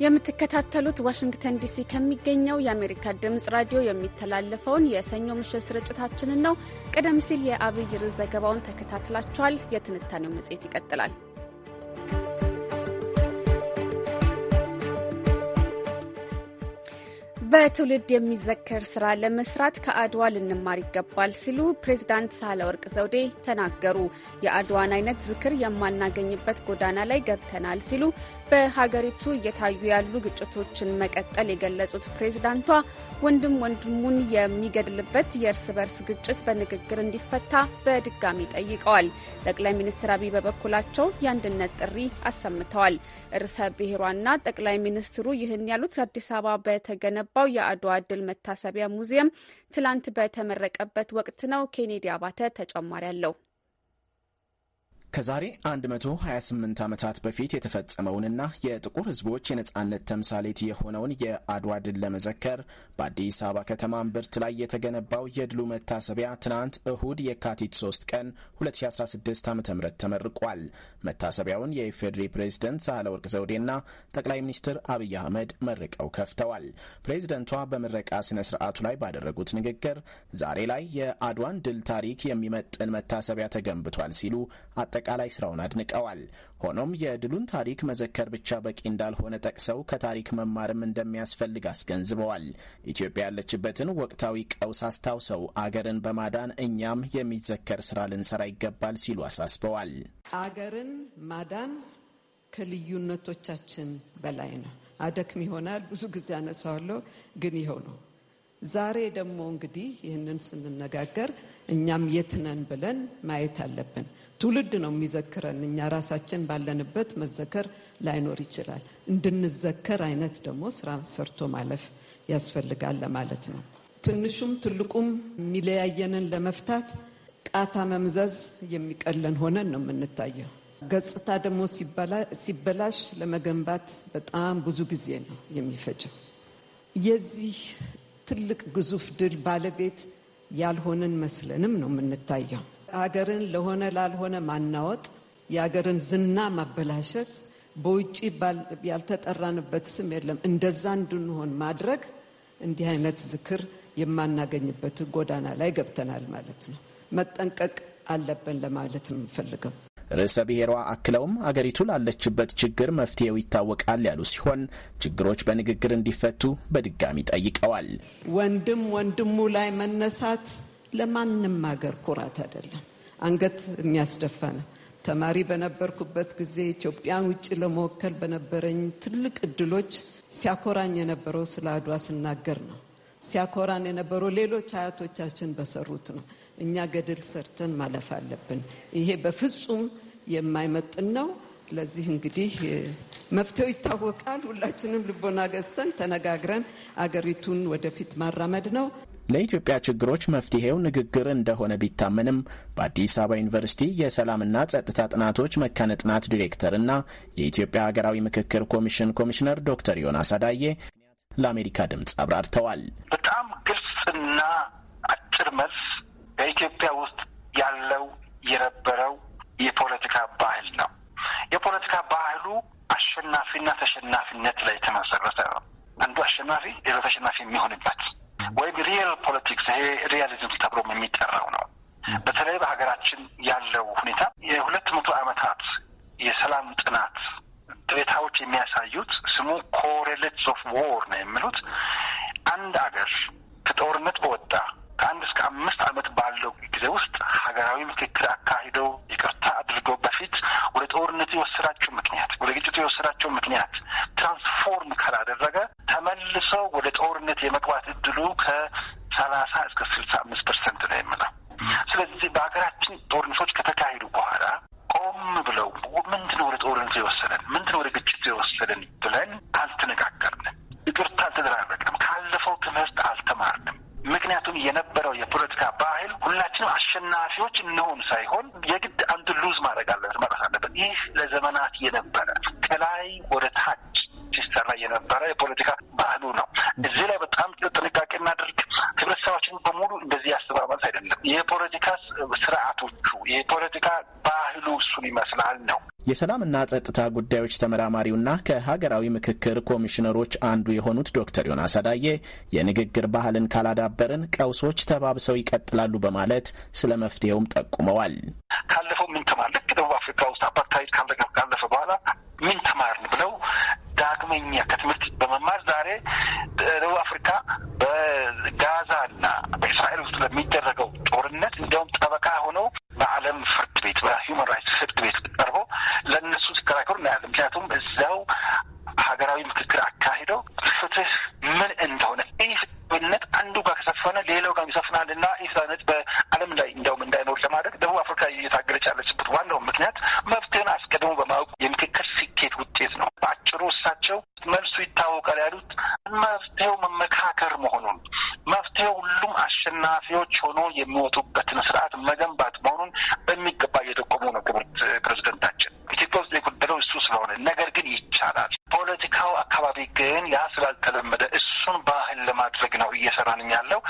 የምትከታተሉት ዋሽንግተን ዲሲ ከሚገኘው የአሜሪካ ድምፅ ራዲዮ የሚተላለፈውን የሰኞ ምሽት ስርጭታችንን ነው። ቀደም ሲል የአብይ ርዕስ ዘገባውን ተከታትላችኋል። የትንታኔው መጽሔት ይቀጥላል። በትውልድ የሚዘከር ስራ ለመስራት ከአድዋ ልንማር ይገባል ሲሉ ፕሬዚዳንት ሳህለወርቅ ዘውዴ ተናገሩ። የአድዋን አይነት ዝክር የማናገኝበት ጎዳና ላይ ገብተናል ሲሉ በሀገሪቱ እየታዩ ያሉ ግጭቶችን መቀጠል የገለጹት ፕሬዝዳንቷ ወንድም ወንድሙን የሚገድልበት የእርስ በርስ ግጭት በንግግር እንዲፈታ በድጋሚ ጠይቀዋል። ጠቅላይ ሚኒስትር አብይ በበኩላቸው የአንድነት ጥሪ አሰምተዋል። ርዕሰ ብሔሯና ጠቅላይ ሚኒስትሩ ይህን ያሉት አዲስ አበባ በተገነባው የአድዋ ድል መታሰቢያ ሙዚየም ትላንት በተመረቀበት ወቅት ነው። ኬኔዲ አባተ ተጨማሪ አለው። ከዛሬ 128 ዓመታት በፊት የተፈጸመውንና የጥቁር ሕዝቦች የነጻነት ተምሳሌት የሆነውን የአድዋ ድል ለመዘከር በአዲስ አበባ ከተማ እምብርት ላይ የተገነባው የድሉ መታሰቢያ ትናንት እሁድ የካቲት 3 ቀን 2016 ዓ ም ተመርቋል። መታሰቢያውን የኢፌዴሪ ፕሬዝደንት ሳህለወርቅ ዘውዴና ጠቅላይ ሚኒስትር አብይ አህመድ መርቀው ከፍተዋል። ፕሬዝደንቷ በምረቃ ስነ ስርዓቱ ላይ ባደረጉት ንግግር ዛሬ ላይ የአድዋን ድል ታሪክ የሚመጥን መታሰቢያ ተገንብቷል ሲሉ አጠቃላይ ስራውን አድንቀዋል። ሆኖም የድሉን ታሪክ መዘከር ብቻ በቂ እንዳልሆነ ጠቅሰው ከታሪክ መማርም እንደሚያስፈልግ አስገንዝበዋል። ኢትዮጵያ ያለችበትን ወቅታዊ ቀውስ አስታውሰው አገርን በማዳን እኛም የሚዘከር ስራ ልንሰራ ይገባል ሲሉ አሳስበዋል። አገርን ማዳን ከልዩነቶቻችን በላይ ነው። አደክም ይሆናል፣ ብዙ ጊዜ አነሳዋለሁ፣ ግን ይኸው ነው። ዛሬ ደግሞ እንግዲህ ይህንን ስንነጋገር እኛም የትነን ብለን ማየት አለብን። ትውልድ ነው የሚዘክረን። እኛ ራሳችን ባለንበት መዘከር ላይኖር ይችላል። እንድንዘከር አይነት ደግሞ ስራ ሰርቶ ማለፍ ያስፈልጋል ለማለት ነው። ትንሹም ትልቁም የሚለያየንን ለመፍታት ቃታ መምዘዝ የሚቀለን ሆነን ነው የምንታየው። ገጽታ ደግሞ ሲበላሽ ለመገንባት በጣም ብዙ ጊዜ ነው የሚፈጀው። የዚህ ትልቅ ግዙፍ ድል ባለቤት ያልሆንን መስለንም ነው የምንታየው። አገርን ለሆነ ላልሆነ ማናወጥ፣ የአገርን ዝና ማበላሸት፣ በውጭ ያልተጠራንበት ስም የለም። እንደዛ እንድንሆን ማድረግ እንዲህ አይነት ዝክር የማናገኝበት ጎዳና ላይ ገብተናል ማለት ነው። መጠንቀቅ አለብን ለማለት የምፈልገው ርዕሰ ብሔሯ አክለውም አገሪቱ ላለችበት ችግር መፍትሄው ይታወቃል ያሉ ሲሆን ችግሮች በንግግር እንዲፈቱ በድጋሚ ጠይቀዋል። ወንድም ወንድሙ ላይ መነሳት ለማንም ሀገር ኩራት አይደለም፣ አንገት የሚያስደፋ ነው። ተማሪ በነበርኩበት ጊዜ ኢትዮጵያን ውጭ ለመወከል በነበረኝ ትልቅ እድሎች ሲያኮራኝ የነበረው ስለ አድዋ ስናገር ነው። ሲያኮራን የነበረው ሌሎች አያቶቻችን በሰሩት ነው። እኛ ገድል ሰርተን ማለፍ አለብን። ይሄ በፍጹም የማይመጥን ነው። ለዚህ እንግዲህ መፍትሄው ይታወቃል። ሁላችንም ልቦና ገዝተን ተነጋግረን አገሪቱን ወደፊት ማራመድ ነው። ለኢትዮጵያ ችግሮች መፍትሄው ንግግር እንደሆነ ቢታመንም በአዲስ አበባ ዩኒቨርሲቲ የሰላምና ጸጥታ ጥናቶች መካነ ጥናት ዲሬክተርና የኢትዮጵያ ሀገራዊ ምክክር ኮሚሽን ኮሚሽነር ዶክተር ዮናስ አዳዬ ለአሜሪካ ድምፅ አብራርተዋል። በጣም ግልጽና አጭር መልስ በኢትዮጵያ ውስጥ ያለው የነበረው የፖለቲካ ባህል ነው። የፖለቲካ ባህሉ አሸናፊና ተሸናፊነት ላይ የተመሰረተ ነው። አንዱ አሸናፊ ሌላው ተሸናፊ የሚሆንበት ወይም ሪየል ፖለቲክስ ይሄ ሪያሊዝም ተብሎም የሚጠራው ነው። በተለይ በሀገራችን ያለው ሁኔታ የሁለት መቶ ዓመታት የሰላም ጥናት ቅሬታዎች የሚያሳዩት ስሙ ኮሬሌትስ ኦፍ ዎር ነው የሚሉት አንድ አገር ከጦርነት በወጣ ከአንድ እስከ አምስት ዓመት ባለው ጊዜ ውስጥ ሀገራዊ ምክክር አካሂደው ይቅርታ አድርገው በፊት ወደ ጦርነቱ የወሰዳቸው ምክንያት ወደ ግጭቱ የወሰዳቸው ምክንያት ትራንስፎርም ካላደረገ ተመልሰው ወደ ጦርነት የመግባት እድሉ ከሰላሳ እስከ ስልሳ አምስት ፐርሰንት ነው የምለው። ስለዚህ በሀገራችን ጦርነቶች ከተካሄዱ በኋላ ቆም ብለው ምንድነው ወደ ጦርነቱ የወሰደን ምንድነው ወደ ግጭቱ የወሰደን ብለን አልተነጋገርንም። ይቅርታ አልተደራረቅንም። ካለፈው ትምህርት አልተማርንም። ምክንያቱም የነበረው የፖለቲካ ባህል ሁላችንም አሸናፊዎች እንሆን ሳይሆን የግድ አንዱ ሉዝ ማድረግ አለበት ማለት አለበት። ይህ ለዘመናት የነበረ ከላይ ወደ ታች ሲሰራ የነበረ የፖለቲካ ባህሉ ነው። እዚህ ላይ በጣም ጥንቃቄ እናደርግ ህብረተሰባችን በሙሉ እንደዚህ ያስባል ማለት አይደለም። የፖለቲካ ስርዓቶቹ የፖለቲካ ባህሉ እሱን ይመስላል ነው። የሰላምና ጸጥታ ጉዳዮች ተመራማሪውና ከሀገራዊ ምክክር ኮሚሽነሮች አንዱ የሆኑት ዶክተር ዮናስ አዳዬ የንግግር ባህልን ካላዳበርን ቀውሶች ተባብሰው ይቀጥላሉ በማለት ስለ መፍትሄውም ጠቁመዋል። ካለፈው ምን ተማር ልክ ደቡብ አፍሪካ ውስጥ አፓርታይድ ካለፈ በኋላ ምን ተማርን ብለው ዳግመኛ ከትምህርት በመማር ዛሬ ደቡብ አፍሪካ በጋዛ በጋዛና በእስራኤል ውስጥ ለሚደረገው ጦርነት እንዲያውም ጠበቃ ሆነው በዓለም ፍርድ ቤት በሂውማን ራይትስ ፍርድ ቤት ቀርቦ ለእነሱ ሲከራከሩ እናያለን። ምክንያቱም እዚያው ሀገራዊ ምክክር አካሂደው ፍትህ ምን እንደሆነ ኢፍትሐዊነት አንዱ ጋር ከሰፈነ ሌላው ጋር ይሰፍናል እና ኢፍትሐዊነት በዓለም ላይ እንደ ለማድረግ ደቡብ አፍሪካ እየታገለች ያለችበት ዋናው ምክንያት መፍትሄን አስቀድሞ በማወቅ የምክክር ስኬት ውጤት ነው። በአጭሩ እሳቸው መልሱ ይታወቃል ያሉት መፍትሄው መመካከር መሆኑን መፍትሄው ሁሉም አሸናፊዎች ሆኖ የሚወጡበትን ስርዓት መገንባት መሆኑን በሚገባ እየጠቆሙ ነው። ክብርት ፕሬዚደንታችን ኢትዮጵያ ውስጥ የጎደለው እሱ ስለሆነ ነገር ግን ይቻላል። ፖለቲካው አካባቢ ግን ያ ስላልተለመደ እሱን ባህል ለማድረግ ነው እየሰራን ያለው።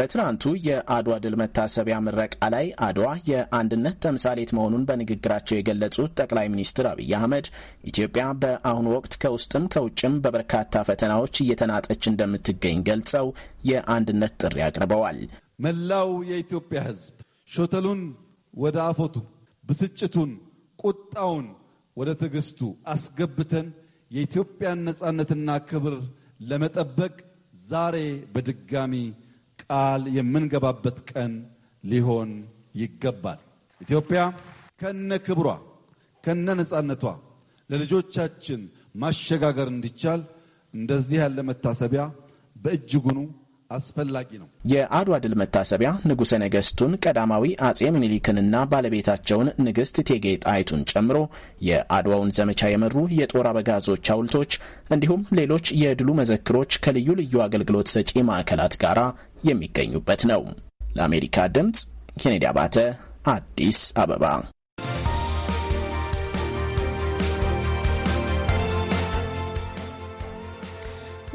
በትናንቱ የአድዋ ድል መታሰቢያ ምረቃ ላይ አድዋ የአንድነት ተምሳሌት መሆኑን በንግግራቸው የገለጹት ጠቅላይ ሚኒስትር አብይ አህመድ ኢትዮጵያ በአሁኑ ወቅት ከውስጥም ከውጭም በበርካታ ፈተናዎች እየተናጠች እንደምትገኝ ገልጸው የአንድነት ጥሪ አቅርበዋል። መላው የኢትዮጵያ ሕዝብ ሾተሉን ወደ አፎቱ፣ ብስጭቱን፣ ቁጣውን ወደ ትዕግስቱ አስገብተን የኢትዮጵያን ነፃነትና ክብር ለመጠበቅ ዛሬ በድጋሚ ቃል የምንገባበት ቀን ሊሆን ይገባል። ኢትዮጵያ ከነ ክብሯ ከነ ነጻነቷ ለልጆቻችን ማሸጋገር እንዲቻል እንደዚህ ያለ መታሰቢያ በእጅጉኑ አስፈላጊ ነው። የአድዋ ድል መታሰቢያ ንጉሠ ነገሥቱን ቀዳማዊ አጼ ምኒልክንና ባለቤታቸውን ንግሥት እቴጌ ጣይቱን ጨምሮ የአድዋውን ዘመቻ የመሩ የጦር አበጋዞች ሐውልቶች እንዲሁም ሌሎች የድሉ መዘክሮች ከልዩ ልዩ አገልግሎት ሰጪ ማዕከላት ጋር የሚገኙበት ነው። ለአሜሪካ ድምፅ ኬኔዲ አባተ አዲስ አበባ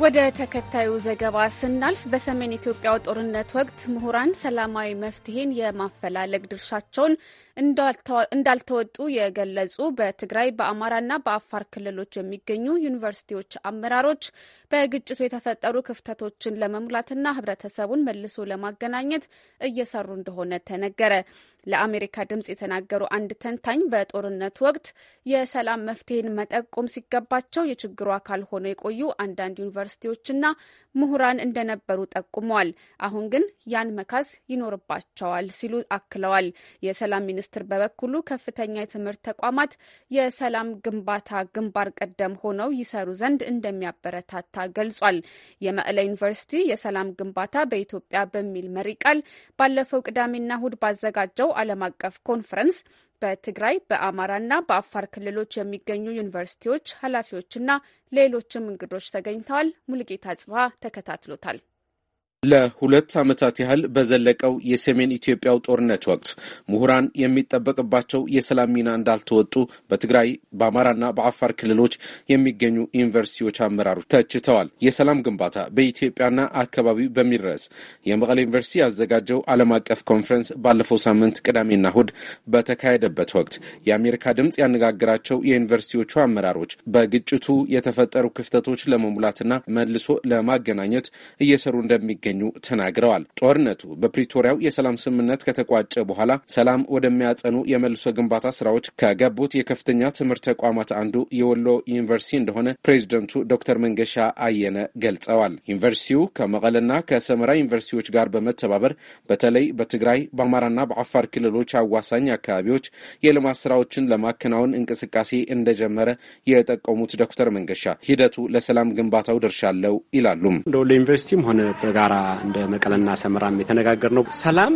ወደ ተከታዩ ዘገባ ስናልፍ በሰሜን ኢትዮጵያው ጦርነት ወቅት ምሁራን ሰላማዊ መፍትሄን የማፈላለግ ድርሻቸውን እንዳልተወጡ የገለጹ በትግራይ በአማራና በአፋር ክልሎች የሚገኙ ዩኒቨርሲቲዎች አመራሮች በግጭቱ የተፈጠሩ ክፍተቶችን ለመሙላትና ህብረተሰቡን መልሶ ለማገናኘት እየሰሩ እንደሆነ ተነገረ። ለአሜሪካ ድምጽ የተናገሩ አንድ ተንታኝ በጦርነቱ ወቅት የሰላም መፍትሄን መጠቆም ሲገባቸው የችግሩ አካል ሆነው የቆዩ አንዳንድ ዩኒቨርሲቲዎችና ምሁራን እንደነበሩ ጠቁመዋል። አሁን ግን ያን መካስ ይኖርባቸዋል ሲሉ አክለዋል። የሰላም ሚኒስ ሚኒስትር በበኩሉ ከፍተኛ የትምህርት ተቋማት የሰላም ግንባታ ግንባር ቀደም ሆነው ይሰሩ ዘንድ እንደሚያበረታታ ገልጿል። የመቀለ ዩኒቨርሲቲ የሰላም ግንባታ በኢትዮጵያ በሚል መሪ ቃል ባለፈው ቅዳሜና እሁድ ባዘጋጀው ዓለም አቀፍ ኮንፈረንስ በትግራይ በአማራና በአፋር ክልሎች የሚገኙ ዩኒቨርሲቲዎች ኃላፊዎችና ሌሎችም እንግዶች ተገኝተዋል። ሙልጌታ ጽባ ተከታትሎታል። ለሁለት ዓመታት ያህል በዘለቀው የሰሜን ኢትዮጵያው ጦርነት ወቅት ምሁራን የሚጠበቅባቸው የሰላም ሚና እንዳልተወጡ በትግራይ በአማራና በአፋር ክልሎች የሚገኙ ዩኒቨርሲቲዎች አመራሮች ተችተዋል። የሰላም ግንባታ በኢትዮጵያና አካባቢው በሚል ርዕስ የመቀሌ ዩኒቨርሲቲ ያዘጋጀው ዓለም አቀፍ ኮንፈረንስ ባለፈው ሳምንት ቅዳሜና እሁድ በተካሄደበት ወቅት የአሜሪካ ድምፅ ያነጋገራቸው የዩኒቨርሲቲዎቹ አመራሮች በግጭቱ የተፈጠሩ ክፍተቶች ለመሙላትና መልሶ ለማገናኘት እየሰሩ እንደሚገኝ እንደሚገኙ ተናግረዋል። ጦርነቱ በፕሪቶሪያው የሰላም ስምምነት ከተቋጨ በኋላ ሰላም ወደሚያጸኑ የመልሶ ግንባታ ስራዎች ከገቡት የከፍተኛ ትምህርት ተቋማት አንዱ የወሎ ዩኒቨርሲቲ እንደሆነ ፕሬዚደንቱ ዶክተር መንገሻ አየነ ገልጸዋል። ዩኒቨርሲቲው ከመቀለና ከሰመራ ዩኒቨርሲቲዎች ጋር በመተባበር በተለይ በትግራይ በአማራና በአፋር ክልሎች አዋሳኝ አካባቢዎች የልማት ስራዎችን ለማከናወን እንቅስቃሴ እንደጀመረ የጠቀሙት ዶክተር መንገሻ ሂደቱ ለሰላም ግንባታው ድርሻ አለው ይላሉም። ዩኒቨርሲቲም ሆነ በጋራ እንደ መቀለና ሰመራም የተነጋገር ነው። ሰላም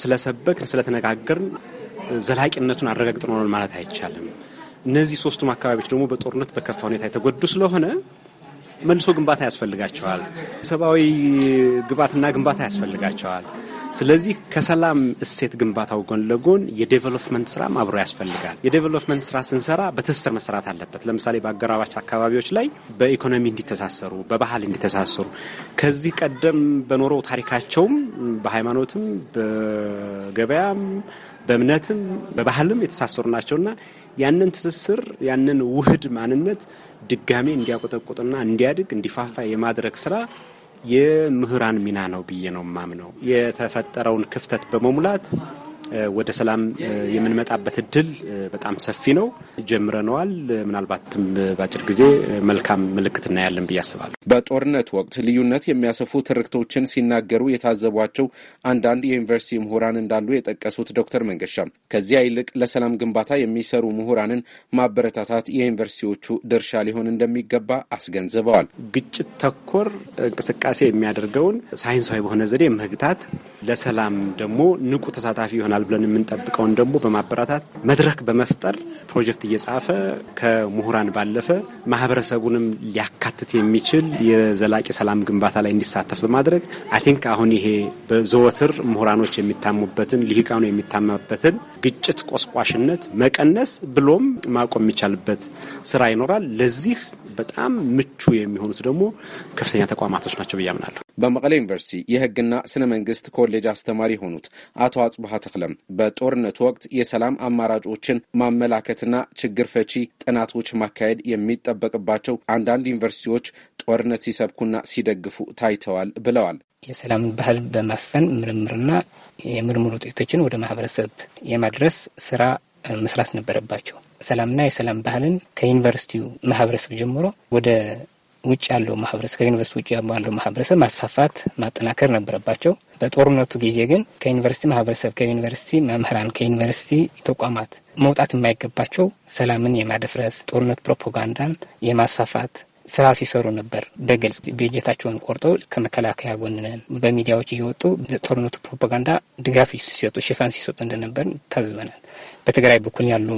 ስለሰበክ ስለተነጋገርን ዘላቂነቱን አረጋግጠናል ማለት አይቻልም። እነዚህ ሶስቱም አካባቢዎች ደግሞ በጦርነት በከፋ ሁኔታ የተጎዱ ስለሆነ መልሶ ግንባታ ያስፈልጋቸዋል። ሰብአዊ ግብዓትና ግንባታ ያስፈልጋቸዋል። ስለዚህ ከሰላም እሴት ግንባታው ጎን ለጎን የዴቨሎፕመንት ስራ አብሮ ያስፈልጋል። የዴቨሎፕመንት ስራ ስንሰራ በትስስር መሰራት አለበት። ለምሳሌ በአገራባች አካባቢዎች ላይ በኢኮኖሚ እንዲተሳሰሩ፣ በባህል እንዲተሳሰሩ ከዚህ ቀደም በኖረው ታሪካቸውም በሃይማኖትም በገበያም በእምነትም በባህልም የተሳሰሩ ናቸውና ያንን ትስስር ያንን ውህድ ማንነት ድጋሜ እንዲያቆጠቁጥና እንዲያድግ እንዲፋፋ የማድረግ ስራ የምህራን ሚና ነው ብዬ ነው የማምነው። የተፈጠረውን ክፍተት በመሙላት ወደ ሰላም የምንመጣበት እድል በጣም ሰፊ ነው። ጀምረነዋል። ምናልባትም በአጭር ጊዜ መልካም ምልክት እናያለን ብዬ አስባለሁ። በጦርነት ወቅት ልዩነት የሚያሰፉ ትርክቶችን ሲናገሩ የታዘቧቸው አንዳንድ የዩኒቨርሲቲ ምሁራን እንዳሉ የጠቀሱት ዶክተር መንገሻም ከዚያ ይልቅ ለሰላም ግንባታ የሚሰሩ ምሁራንን ማበረታታት የዩኒቨርሲቲዎቹ ድርሻ ሊሆን እንደሚገባ አስገንዝበዋል። ግጭት ተኮር እንቅስቃሴ የሚያደርገውን ሳይንሳዊ በሆነ ዘዴ መግታት፣ ለሰላም ደግሞ ንቁ ተሳታፊ ይሆናል ይችላል ብለን የምንጠብቀውን ደግሞ በማበረታት መድረክ በመፍጠር ፕሮጀክት እየጻፈ ከምሁራን ባለፈ ማህበረሰቡንም ሊያካትት የሚችል የዘላቂ ሰላም ግንባታ ላይ እንዲሳተፍ በማድረግ አይ ቲንክ አሁን ይሄ በዘወትር ምሁራኖች የሚታሙበትን ልሂቃኑ የሚታማበትን ግጭት ቆስቋሽነት መቀነስ ብሎም ማቆም የሚቻልበት ስራ ይኖራል። ለዚህ በጣም ምቹ የሚሆኑት ደግሞ ከፍተኛ ተቋማቶች ናቸው ብዬ አምናለሁ። በመቀሌ ዩኒቨርሲቲ የህግና ስነ መንግስት ኮሌጅ አስተማሪ የሆኑት አቶ አጽብሃ ተክለም በጦርነቱ ወቅት የሰላም አማራጮችን ማመላከትና ችግር ፈቺ ጥናቶች ማካሄድ የሚጠበቅባቸው አንዳንድ ዩኒቨርሲቲዎች ጦርነት ሲሰብኩና ሲደግፉ ታይተዋል ብለዋል። የሰላምን ባህል በማስፈን ምርምርና የምርምር ውጤቶችን ወደ ማህበረሰብ የማድረስ ስራ መስራት ነበረባቸው። ሰላምና የሰላም ባህልን ከዩኒቨርሲቲው ማህበረሰብ ጀምሮ ወደ ውጭ ያለው ማህበረሰብ ከዩኒቨርሲቲ ውጭ ያለው ማህበረሰብ ማስፋፋት ማጠናከር ነበረባቸው። በጦርነቱ ጊዜ ግን ከዩኒቨርስቲ ማህበረሰብ፣ ከዩኒቨርስቲ መምህራን፣ ከዩኒቨርስቲ ተቋማት መውጣት የማይገባቸው ሰላምን የማደፍረስ ጦርነት ፕሮፓጋንዳን የማስፋፋት ስራ ሲሰሩ ነበር። በግልጽ በጀታቸውን ቆርጠው ከመከላከያ ጎንነን በሚዲያዎች እየወጡ ጦርነቱ ፕሮፓጋንዳ ድጋፍ ሲሰጡ፣ ሽፋን ሲሰጡ እንደነበር ታዝበናል። በትግራይ በኩል ያሉ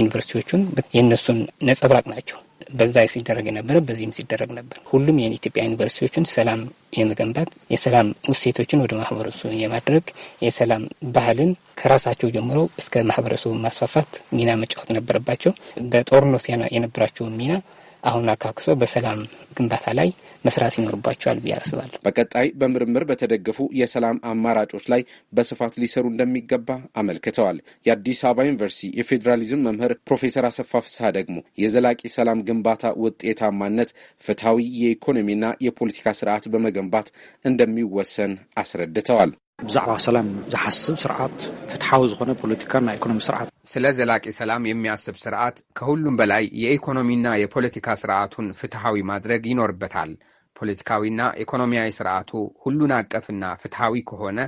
ዩኒቨርሲቲዎቹን የእነሱን ነጸብራቅ ናቸው። በዛ ሲደረግ የነበረ በዚህም ሲደረግ ነበር። ሁሉም የኢትዮጵያ ዩኒቨርሲቲዎችን ሰላም የመገንባት የሰላም ውሴቶችን ወደ ማህበረሰቡ የማድረግ የሰላም ባህልን ከራሳቸው ጀምሮ እስከ ማህበረሰቡ ማስፋፋት ሚና መጫወት ነበረባቸው። በጦርነት የነበራቸውን ሚና አሁን አካክሶ በሰላም ግንባታ ላይ መስራት ይኖርባቸዋል ብዬ አስባለሁ። በቀጣይ በምርምር በተደገፉ የሰላም አማራጮች ላይ በስፋት ሊሰሩ እንደሚገባ አመልክተዋል። የአዲስ አበባ ዩኒቨርሲቲ የፌዴራሊዝም መምህር ፕሮፌሰር አሰፋ ፍስሐ ደግሞ የዘላቂ ሰላም ግንባታ ውጤታማነት ፍትሐዊ የኢኮኖሚና የፖለቲካ ስርዓት በመገንባት እንደሚወሰን አስረድተዋል። ብዛዕባ ሰላም ዝሓስብ ስርዓት ፍትሓዊ ዝኾነ ፖለቲካን ናይ ኢኮኖሚ ስርዓት ስለ ዘላቂ ሰላም የሚያስብ ስርዓት ከሁሉም በላይ የኢኮኖሚና የፖለቲካ ስርዓቱን ፍትሐዊ ማድረግ ይኖርበታል። ፖለቲካዊና ኢኮኖሚያዊ ስርዓቱ ሁሉን አቀፍና ፍትሐዊ ከሆነ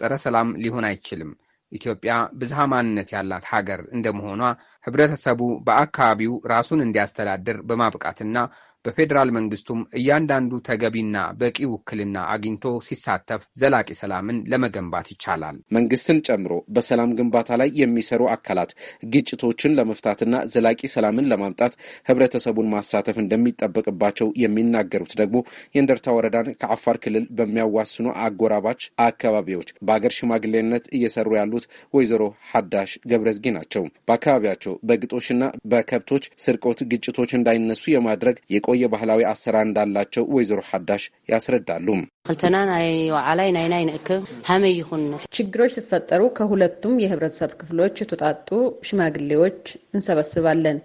ጸረ ሰላም ሊሆን አይችልም። ኢትዮጵያ ብዝሃ ማንነት ያላት ሀገር እንደመሆኗ ሕብረተሰቡ በአካባቢው ራሱን እንዲያስተዳድር በማብቃትና በፌዴራል መንግስቱም እያንዳንዱ ተገቢና በቂ ውክልና አግኝቶ ሲሳተፍ ዘላቂ ሰላምን ለመገንባት ይቻላል። መንግስትን ጨምሮ በሰላም ግንባታ ላይ የሚሰሩ አካላት ግጭቶችን ለመፍታትና ዘላቂ ሰላምን ለማምጣት ህብረተሰቡን ማሳተፍ እንደሚጠበቅባቸው የሚናገሩት ደግሞ የእንደርታ ወረዳን ከአፋር ክልል በሚያዋስኑ አጎራባች አካባቢዎች በአገር ሽማግሌነት እየሰሩ ያሉት ወይዘሮ ሀዳሽ ገብረዝጊ ናቸው። በአካባቢያቸው በግጦሽና በከብቶች ስርቆት ግጭቶች እንዳይነሱ የማድረግ የቆየ ባህላዊ አሰራር እንዳላቸው ወይዘሮ ሓዳሽ ያስረዳሉ። ክልተና ናይ ዋዕላይ ናይ ናይ ንእክብ ሀመይ ይኹን ችግሮች ሲፈጠሩ ከሁለቱም የህብረተሰብ ክፍሎች የተውጣጡ ሽማግሌዎች እንሰበስባለን።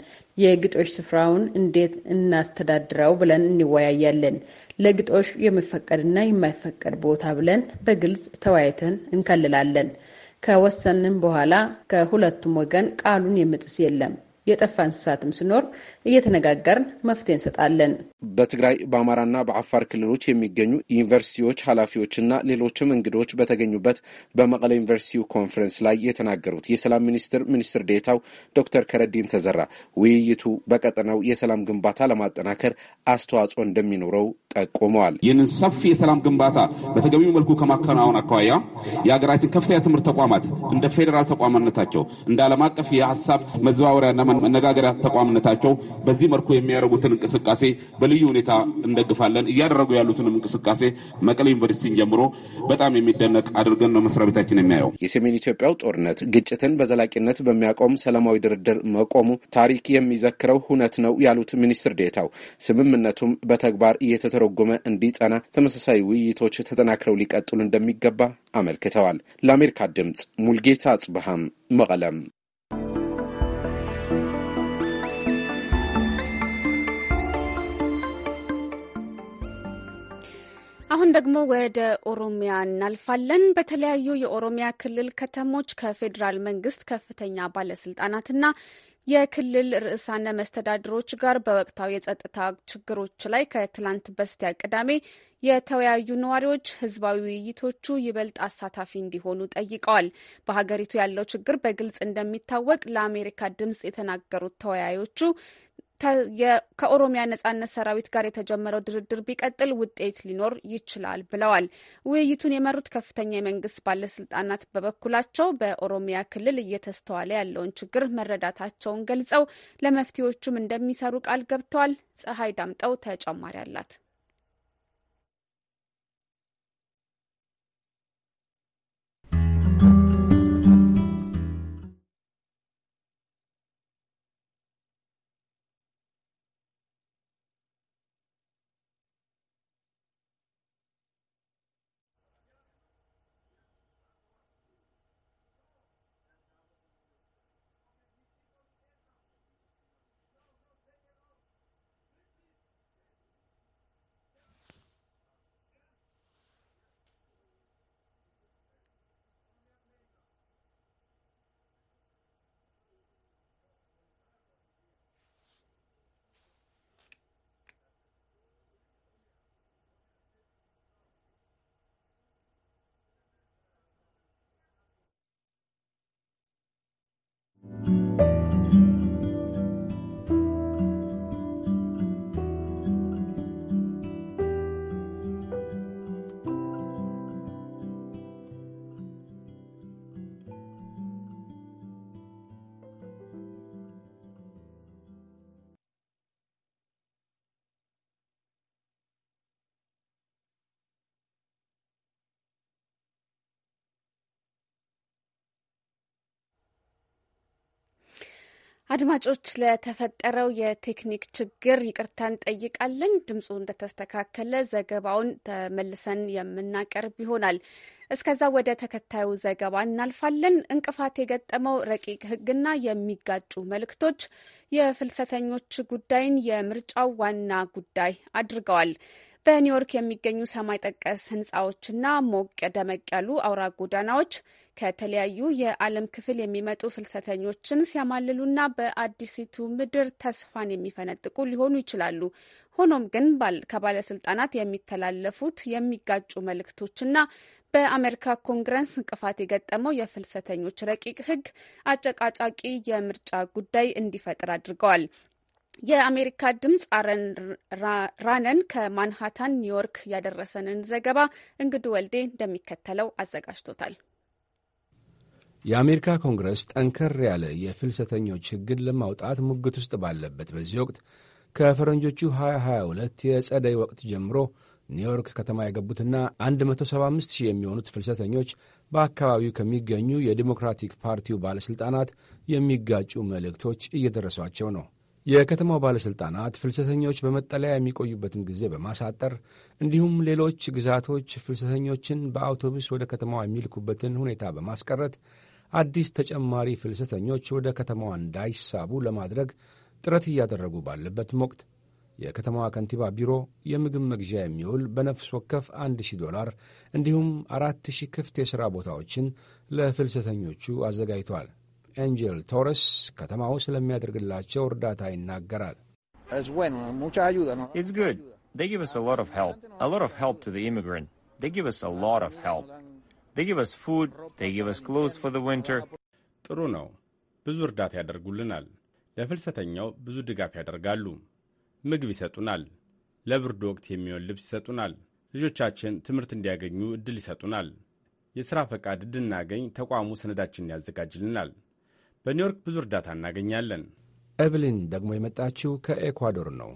የግጦሽ ስፍራውን እንዴት እናስተዳድረው ብለን እንወያያለን። ለግጦሽ የሚፈቀድና የማይፈቀድ ቦታ ብለን በግልጽ ተወያይተን እንከልላለን። ከወሰንን በኋላ ከሁለቱም ወገን ቃሉን የምጥስ የለም። የጠፋ እንስሳትም ሲኖር እየተነጋገርን መፍትሄ እንሰጣለን። በትግራይ በአማራና በአፋር ክልሎች የሚገኙ ዩኒቨርሲቲዎች ኃላፊዎችና ሌሎችም እንግዶች በተገኙበት በመቀለ ዩኒቨርሲቲ ኮንፈረንስ ላይ የተናገሩት የሰላም ሚኒስትር ሚኒስትር ዴታው ዶክተር ከረዲን ተዘራ ውይይቱ በቀጠናው የሰላም ግንባታ ለማጠናከር አስተዋጽኦ እንደሚኖረው ጠቁመዋል። ይህንን ሰፊ የሰላም ግንባታ በተገቢው መልኩ ከማከናወን አኳያ የሀገራችን ከፍተኛ ትምህርት ተቋማት እንደ ፌዴራል ተቋማነታቸው እንደ ዓለም አቀፍ የሀሳብ መዘዋወሪያና መነጋገሪያ ተቋምነታቸው በዚህ መልኩ የሚያደርጉትን እንቅስቃሴ በልዩ ሁኔታ እንደግፋለን። እያደረጉ ያሉትንም እንቅስቃሴ መቀሌ ዩኒቨርሲቲን ጀምሮ በጣም የሚደነቅ አድርገን ነው መስሪያ ቤታችን የሚያየው። የሰሜን ኢትዮጵያው ጦርነት ግጭትን በዘላቂነት በሚያቆም ሰላማዊ ድርድር መቆሙ ታሪክ የሚዘክረው ሁነት ነው ያሉት ሚኒስትር ዴታው ስምምነቱም በተግባር እየተተረጎመ እንዲጸና ተመሳሳይ ውይይቶች ተጠናክረው ሊቀጥሉ እንደሚገባ አመልክተዋል። ለአሜሪካ ድምፅ ሙልጌታ አጽብሃም መቀለም አሁን ደግሞ ወደ ኦሮሚያ እናልፋለን። በተለያዩ የኦሮሚያ ክልል ከተሞች ከፌዴራል መንግስት ከፍተኛ ባለስልጣናትና የክልል ርዕሳነ መስተዳድሮች ጋር በወቅታዊ የጸጥታ ችግሮች ላይ ከትላንት በስቲያ ቅዳሜ የተወያዩ ነዋሪዎች ህዝባዊ ውይይቶቹ ይበልጥ አሳታፊ እንዲሆኑ ጠይቀዋል። በሀገሪቱ ያለው ችግር በግልጽ እንደሚታወቅ ለአሜሪካ ድምጽ የተናገሩት ተወያዮቹ ከኦሮሚያ ነጻነት ሰራዊት ጋር የተጀመረው ድርድር ቢቀጥል ውጤት ሊኖር ይችላል ብለዋል። ውይይቱን የመሩት ከፍተኛ የመንግስት ባለስልጣናት በበኩላቸው በኦሮሚያ ክልል እየተስተዋለ ያለውን ችግር መረዳታቸውን ገልጸው ለመፍትሄዎቹም እንደሚሰሩ ቃል ገብተዋል። ፀሐይ ዳምጠው ተጨማሪ አላት። አድማጮች ለተፈጠረው የቴክኒክ ችግር ይቅርታ እንጠይቃለን። ድምፁ እንደተስተካከለ ዘገባውን ተመልሰን የምናቀርብ ይሆናል። እስከዛ ወደ ተከታዩ ዘገባ እናልፋለን። እንቅፋት የገጠመው ረቂቅ ሕግና የሚጋጩ መልእክቶች የፍልሰተኞች ጉዳይን የምርጫው ዋና ጉዳይ አድርገዋል። በኒውዮርክ የሚገኙ ሰማይ ጠቀስ ህንፃዎችና ሞቅ ደመቅ ያሉ አውራ ጎዳናዎች ከተለያዩ የዓለም ክፍል የሚመጡ ፍልሰተኞችን ሲያማልሉና በአዲሲቱ ምድር ተስፋን የሚፈነጥቁ ሊሆኑ ይችላሉ። ሆኖም ግን ከባለስልጣናት የሚተላለፉት የሚጋጩ መልእክቶችና በአሜሪካ ኮንግረስ እንቅፋት የገጠመው የፍልሰተኞች ረቂቅ ህግ አጨቃጫቂ የምርጫ ጉዳይ እንዲፈጥር አድርገዋል። የአሜሪካ ድምፅ አረን ራነን ከማንሃታን ኒውዮርክ ያደረሰንን ዘገባ እንግዱ ወልዴ እንደሚከተለው አዘጋጅቶታል። የአሜሪካ ኮንግረስ ጠንከር ያለ የፍልሰተኞች ሕግን ለማውጣት ሙግት ውስጥ ባለበት በዚህ ወቅት ከፈረንጆቹ 2022 የጸደይ ወቅት ጀምሮ ኒውዮርክ ከተማ የገቡትና 175 የሚሆኑት ፍልሰተኞች በአካባቢው ከሚገኙ የዲሞክራቲክ ፓርቲው ባለሥልጣናት የሚጋጩ መልእክቶች እየደረሷቸው ነው። የከተማው ባለሥልጣናት ፍልሰተኞች በመጠለያ የሚቆዩበትን ጊዜ በማሳጠር እንዲሁም ሌሎች ግዛቶች ፍልሰተኞችን በአውቶቡስ ወደ ከተማዋ የሚልኩበትን ሁኔታ በማስቀረት አዲስ ተጨማሪ ፍልሰተኞች ወደ ከተማዋ እንዳይሳቡ ለማድረግ ጥረት እያደረጉ ባለበትም ወቅት የከተማዋ ከንቲባ ቢሮ የምግብ መግዣ የሚውል በነፍስ ወከፍ 1000 ዶላር እንዲሁም 4000 ክፍት የሥራ ቦታዎችን ለፍልሰተኞቹ አዘጋጅቷል። ኤንጀል ቶረስ ከተማው ስለሚያደርግላቸው እርዳታ ይናገራል። ጥሩ ነው። ብዙ እርዳታ ያደርጉልናል። ለፍልሰተኛው ብዙ ድጋፍ ያደርጋሉ። ምግብ ይሰጡናል። ለብርድ ወቅት የሚሆን ልብስ ይሰጡናል። ልጆቻችን ትምህርት እንዲያገኙ እድል ይሰጡናል። የሥራ ፈቃድ እንድናገኝ ተቋሙ ሰነዳችንን ያዘጋጅልናል። በኒውዮርክ ብዙ እርዳታ እናገኛለን። ኤቭሊን ደግሞ የመጣችው ከኤኳዶር ነው።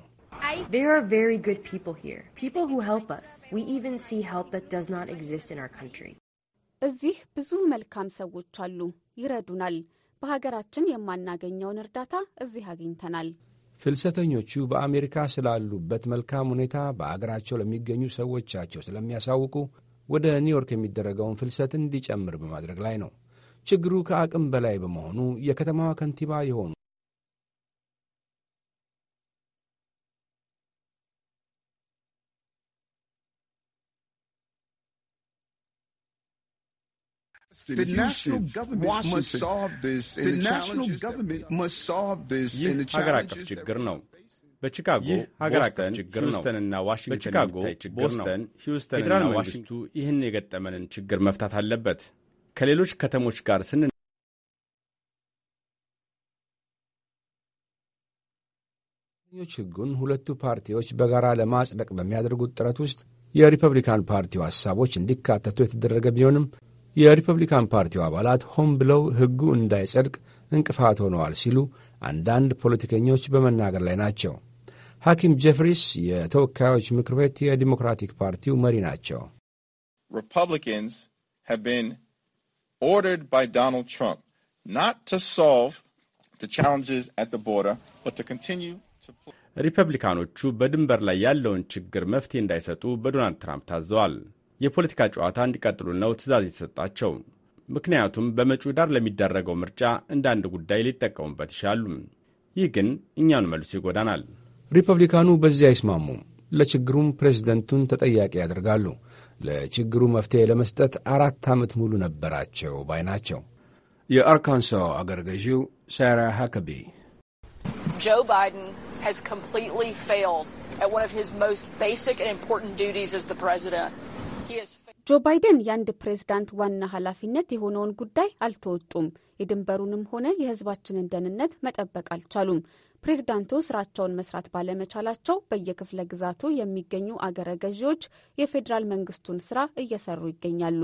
እዚህ ብዙ መልካም ሰዎች አሉ፣ ይረዱናል። በሀገራችን የማናገኘውን እርዳታ እዚህ አግኝተናል። ፍልሰተኞቹ በአሜሪካ ስላሉበት መልካም ሁኔታ በአገራቸው ለሚገኙ ሰዎቻቸው ስለሚያሳውቁ ወደ ኒውዮርክ የሚደረገውን ፍልሰት እንዲጨምር በማድረግ ላይ ነው። ችግሩ ከአቅም በላይ በመሆኑ የከተማዋ ከንቲባ የሆኑ ይህ ሀገር አቀፍ ችግር ነው። በቺካጎ ሀገር አቀፍ ችግር ነው። ሂውስተንና ዋሽንግተን ቦስተን፣ ሂውስተንና ዋሽንግቱ ይህን የገጠመንን ችግር መፍታት አለበት። ከሌሎች ከተሞች ጋር ስን ኞች ሕጉን ሁለቱ ፓርቲዎች በጋራ ለማጽደቅ በሚያደርጉት ጥረት ውስጥ የሪፐብሊካን ፓርቲው ሐሳቦች እንዲካተቱ የተደረገ ቢሆንም የሪፐብሊካን ፓርቲው አባላት ሆን ብለው ሕጉ እንዳይጸድቅ እንቅፋት ሆነዋል ሲሉ አንዳንድ ፖለቲከኞች በመናገር ላይ ናቸው። ሐኪም ጄፍሪስ የተወካዮች ምክር ቤት የዲሞክራቲክ ፓርቲው መሪ ናቸው። ሪፐብሊካንስ ordered by Donald Trump not to solve the challenges at the border, but to continue to ሪፐብሊካኖቹ በድንበር ላይ ያለውን ችግር መፍትሄ እንዳይሰጡ በዶናልድ ትራምፕ ታዘዋል። የፖለቲካ ጨዋታ እንዲቀጥሉ ነው ትዕዛዝ የተሰጣቸው። ምክንያቱም በመጪው ዳር ለሚደረገው ምርጫ እንደ አንድ ጉዳይ ሊጠቀሙበት ይሻሉ። ይህ ግን እኛን መልሶ ይጎዳናል። ሪፐብሊካኑ በዚህ አይስማሙም። ለችግሩም ፕሬዝደንቱን ተጠያቂ ያደርጋሉ። ለችግሩ መፍትሄ ለመስጠት አራት ዓመት ሙሉ ነበራቸው ባይ ናቸው። የአርካንሶ አገር ገዢው ሳራ ሃከቢ ጆ ባይደን has completely failed at one ጆ ባይደን የአንድ ፕሬዝዳንት ዋና ኃላፊነት የሆነውን ጉዳይ አልተወጡም። የድንበሩንም ሆነ የሕዝባችንን ደህንነት መጠበቅ አልቻሉም። ፕሬዚዳንቱ ስራቸውን መስራት ባለመቻላቸው በየክፍለ ግዛቱ የሚገኙ አገረ ገዢዎች የፌዴራል መንግስቱን ስራ እየሰሩ ይገኛሉ።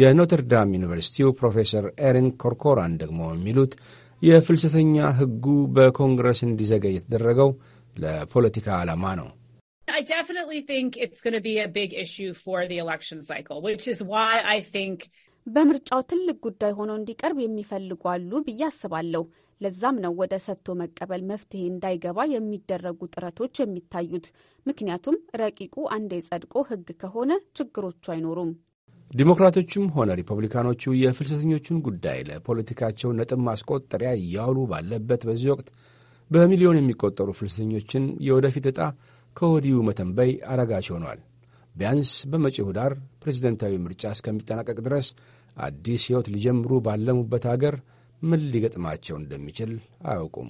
የኖትርዳም ዩኒቨርሲቲው ፕሮፌሰር ኤሪን ኮርኮራን ደግሞ የሚሉት የፍልሰተኛ ህጉ በኮንግረስ እንዲዘገይ የተደረገው ለፖለቲካ ዓላማ ነው። I definitely think it's going to be a big issue for the election cycle, which is why I think በምርጫው ትልቅ ጉዳይ ሆኖ እንዲቀርብ የሚፈልጉ አሉ ብዬ አስባለሁ። ለዛም ነው ወደ ሰጥቶ መቀበል መፍትሄ እንዳይገባ የሚደረጉ ጥረቶች የሚታዩት። ምክንያቱም ረቂቁ አንዴ ጸድቆ ሕግ ከሆነ ችግሮቹ አይኖሩም። ዲሞክራቶችም ሆነ ሪፐብሊካኖቹ የፍልሰተኞቹን ጉዳይ ለፖለቲካቸው ነጥብ ማስቆጠሪያ እያውሉ ባለበት በዚህ ወቅት በሚሊዮን የሚቆጠሩ ፍልሰተኞችን የወደፊት ዕጣ ከወዲሁ መተንበይ አዳጋች ሆኗል። ቢያንስ በመጪው ኅዳር ፕሬዝደንታዊ ምርጫ እስከሚጠናቀቅ ድረስ አዲስ ሕይወት ሊጀምሩ ባለሙበት አገር ምን ሊገጥማቸው እንደሚችል አያውቁም።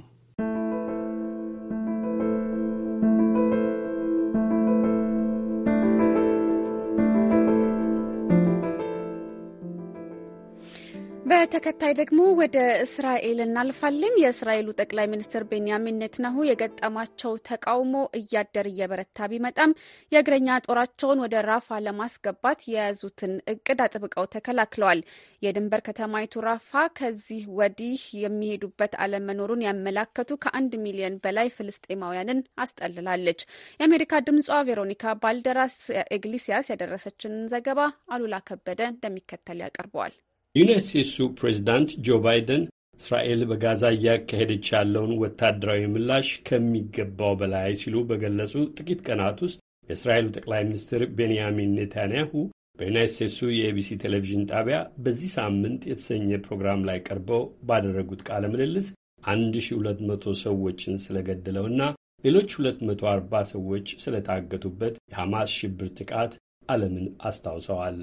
በተከታይ ደግሞ ወደ እስራኤል እናልፋለን። የእስራኤሉ ጠቅላይ ሚኒስትር ቤንያሚን ኔትናሁ የገጠማቸው ተቃውሞ እያደር እየበረታ ቢመጣም የእግረኛ ጦራቸውን ወደ ራፋ ለማስገባት የያዙትን እቅድ አጥብቀው ተከላክለዋል። የድንበር ከተማይቱ ራፋ ከዚህ ወዲህ የሚሄዱበት አለመኖሩን ያመላከቱ ከአንድ ሚሊዮን በላይ ፍልስጤማውያንን አስጠልላለች። የአሜሪካ ድምጿ ቬሮኒካ ባልደራስ ኤግሊሲያስ ያደረሰችንን ዘገባ አሉላ ከበደ እንደሚከተል ያቀርበዋል። የዩናይት ስቴትሱ ፕሬዚዳንት ጆ ባይደን እስራኤል በጋዛ እያካሄደች ያለውን ወታደራዊ ምላሽ ከሚገባው በላይ ሲሉ በገለጹ ጥቂት ቀናት ውስጥ የእስራኤሉ ጠቅላይ ሚኒስትር ቤንያሚን ኔታንያሁ በዩናይት ስቴትሱ የኤቢሲ ቴሌቪዥን ጣቢያ በዚህ ሳምንት የተሰኘ ፕሮግራም ላይ ቀርበው ባደረጉት ቃለ ምልልስ 1200 ሰዎችን ስለገደለውና ሌሎች 240 ሰዎች ስለታገቱበት የሐማስ ሽብር ጥቃት ዓለምን አስታውሰዋል።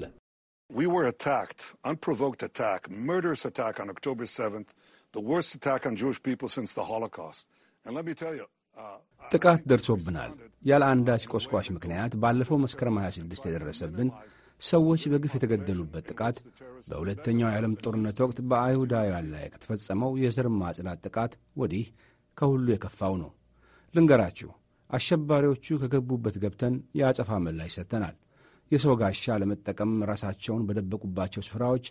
We were attacked, unprovoked attack, murderous attack on October 7th, the worst attack on Jewish people since the Holocaust. And let me tell you, uh, ጥቃት ደርሶብናል ያለ አንዳች ቆስቋሽ ምክንያት ባለፈው መስከረም 26 የደረሰብን ሰዎች በግፍ የተገደሉበት ጥቃት በሁለተኛው የዓለም ጦርነት ወቅት በአይሁዳውያን ላይ ከተፈጸመው የዘር ማጽዳት ጥቃት ወዲህ ከሁሉ የከፋው ነው። ልንገራችሁ፣ አሸባሪዎቹ ከገቡበት ገብተን የአጸፋ ምላሽ ሰጥተናል። የሰው ጋሻ ለመጠቀም ራሳቸውን በደበቁባቸው ስፍራዎች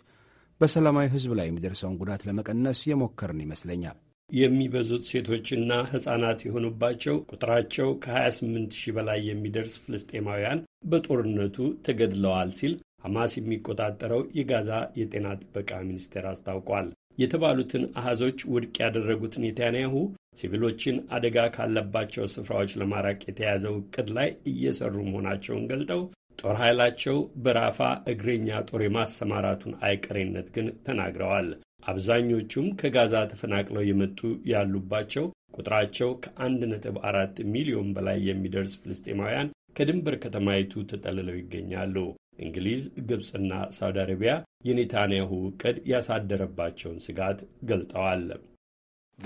በሰላማዊ ሕዝብ ላይ የሚደርሰውን ጉዳት ለመቀነስ የሞከርን ይመስለኛል። የሚበዙት ሴቶችና ሕፃናት የሆኑባቸው ቁጥራቸው ከ28 ሺህ በላይ የሚደርስ ፍልስጤማውያን በጦርነቱ ተገድለዋል ሲል ሐማስ የሚቆጣጠረው የጋዛ የጤና ጥበቃ ሚኒስቴር አስታውቋል። የተባሉትን አሃዞች ውድቅ ያደረጉት ኔታንያሁ ሲቪሎችን አደጋ ካለባቸው ስፍራዎች ለማራቅ የተያዘው እቅድ ላይ እየሰሩ መሆናቸውን ገልጠው ጦር ኃይላቸው በራፋ እግረኛ ጦር የማሰማራቱን አይቀሬነት ግን ተናግረዋል። አብዛኞቹም ከጋዛ ተፈናቅለው የመጡ ያሉባቸው ቁጥራቸው ከአንድ ነጥብ አራት ሚሊዮን በላይ የሚደርስ ፍልስጤማውያን ከድንበር ከተማይቱ ተጠልለው ይገኛሉ። እንግሊዝ፣ ግብፅና ሳውዲ አረቢያ የኔታንያሁ ዕቅድ ያሳደረባቸውን ስጋት ገልጠዋል።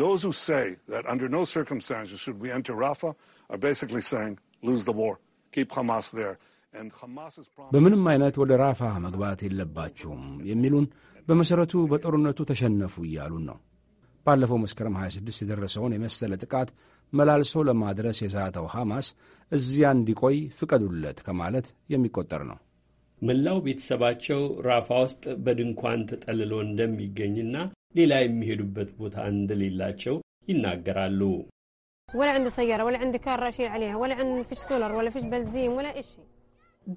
Those who say that under no circumstances should we enter Rafah are basically saying lose the war, keep Hamas there. በምንም አይነት ወደ ራፋ መግባት የለባቸውም የሚሉን በመሠረቱ በጦርነቱ ተሸነፉ እያሉን ነው። ባለፈው መስከረም 26 የደረሰውን የመሰለ ጥቃት መላልሶ ለማድረስ የዛተው ሐማስ እዚያ እንዲቆይ ፍቀዱለት ከማለት የሚቆጠር ነው። መላው ቤተሰባቸው ራፋ ውስጥ በድንኳን ተጠልሎ እንደሚገኝና ሌላ የሚሄዱበት ቦታ እንደሌላቸው ይናገራሉ። ወላ عندي سيارة ولا عندي كار أشيل عليها ولا عندي فيش سولر ولا فيش بنزين ولا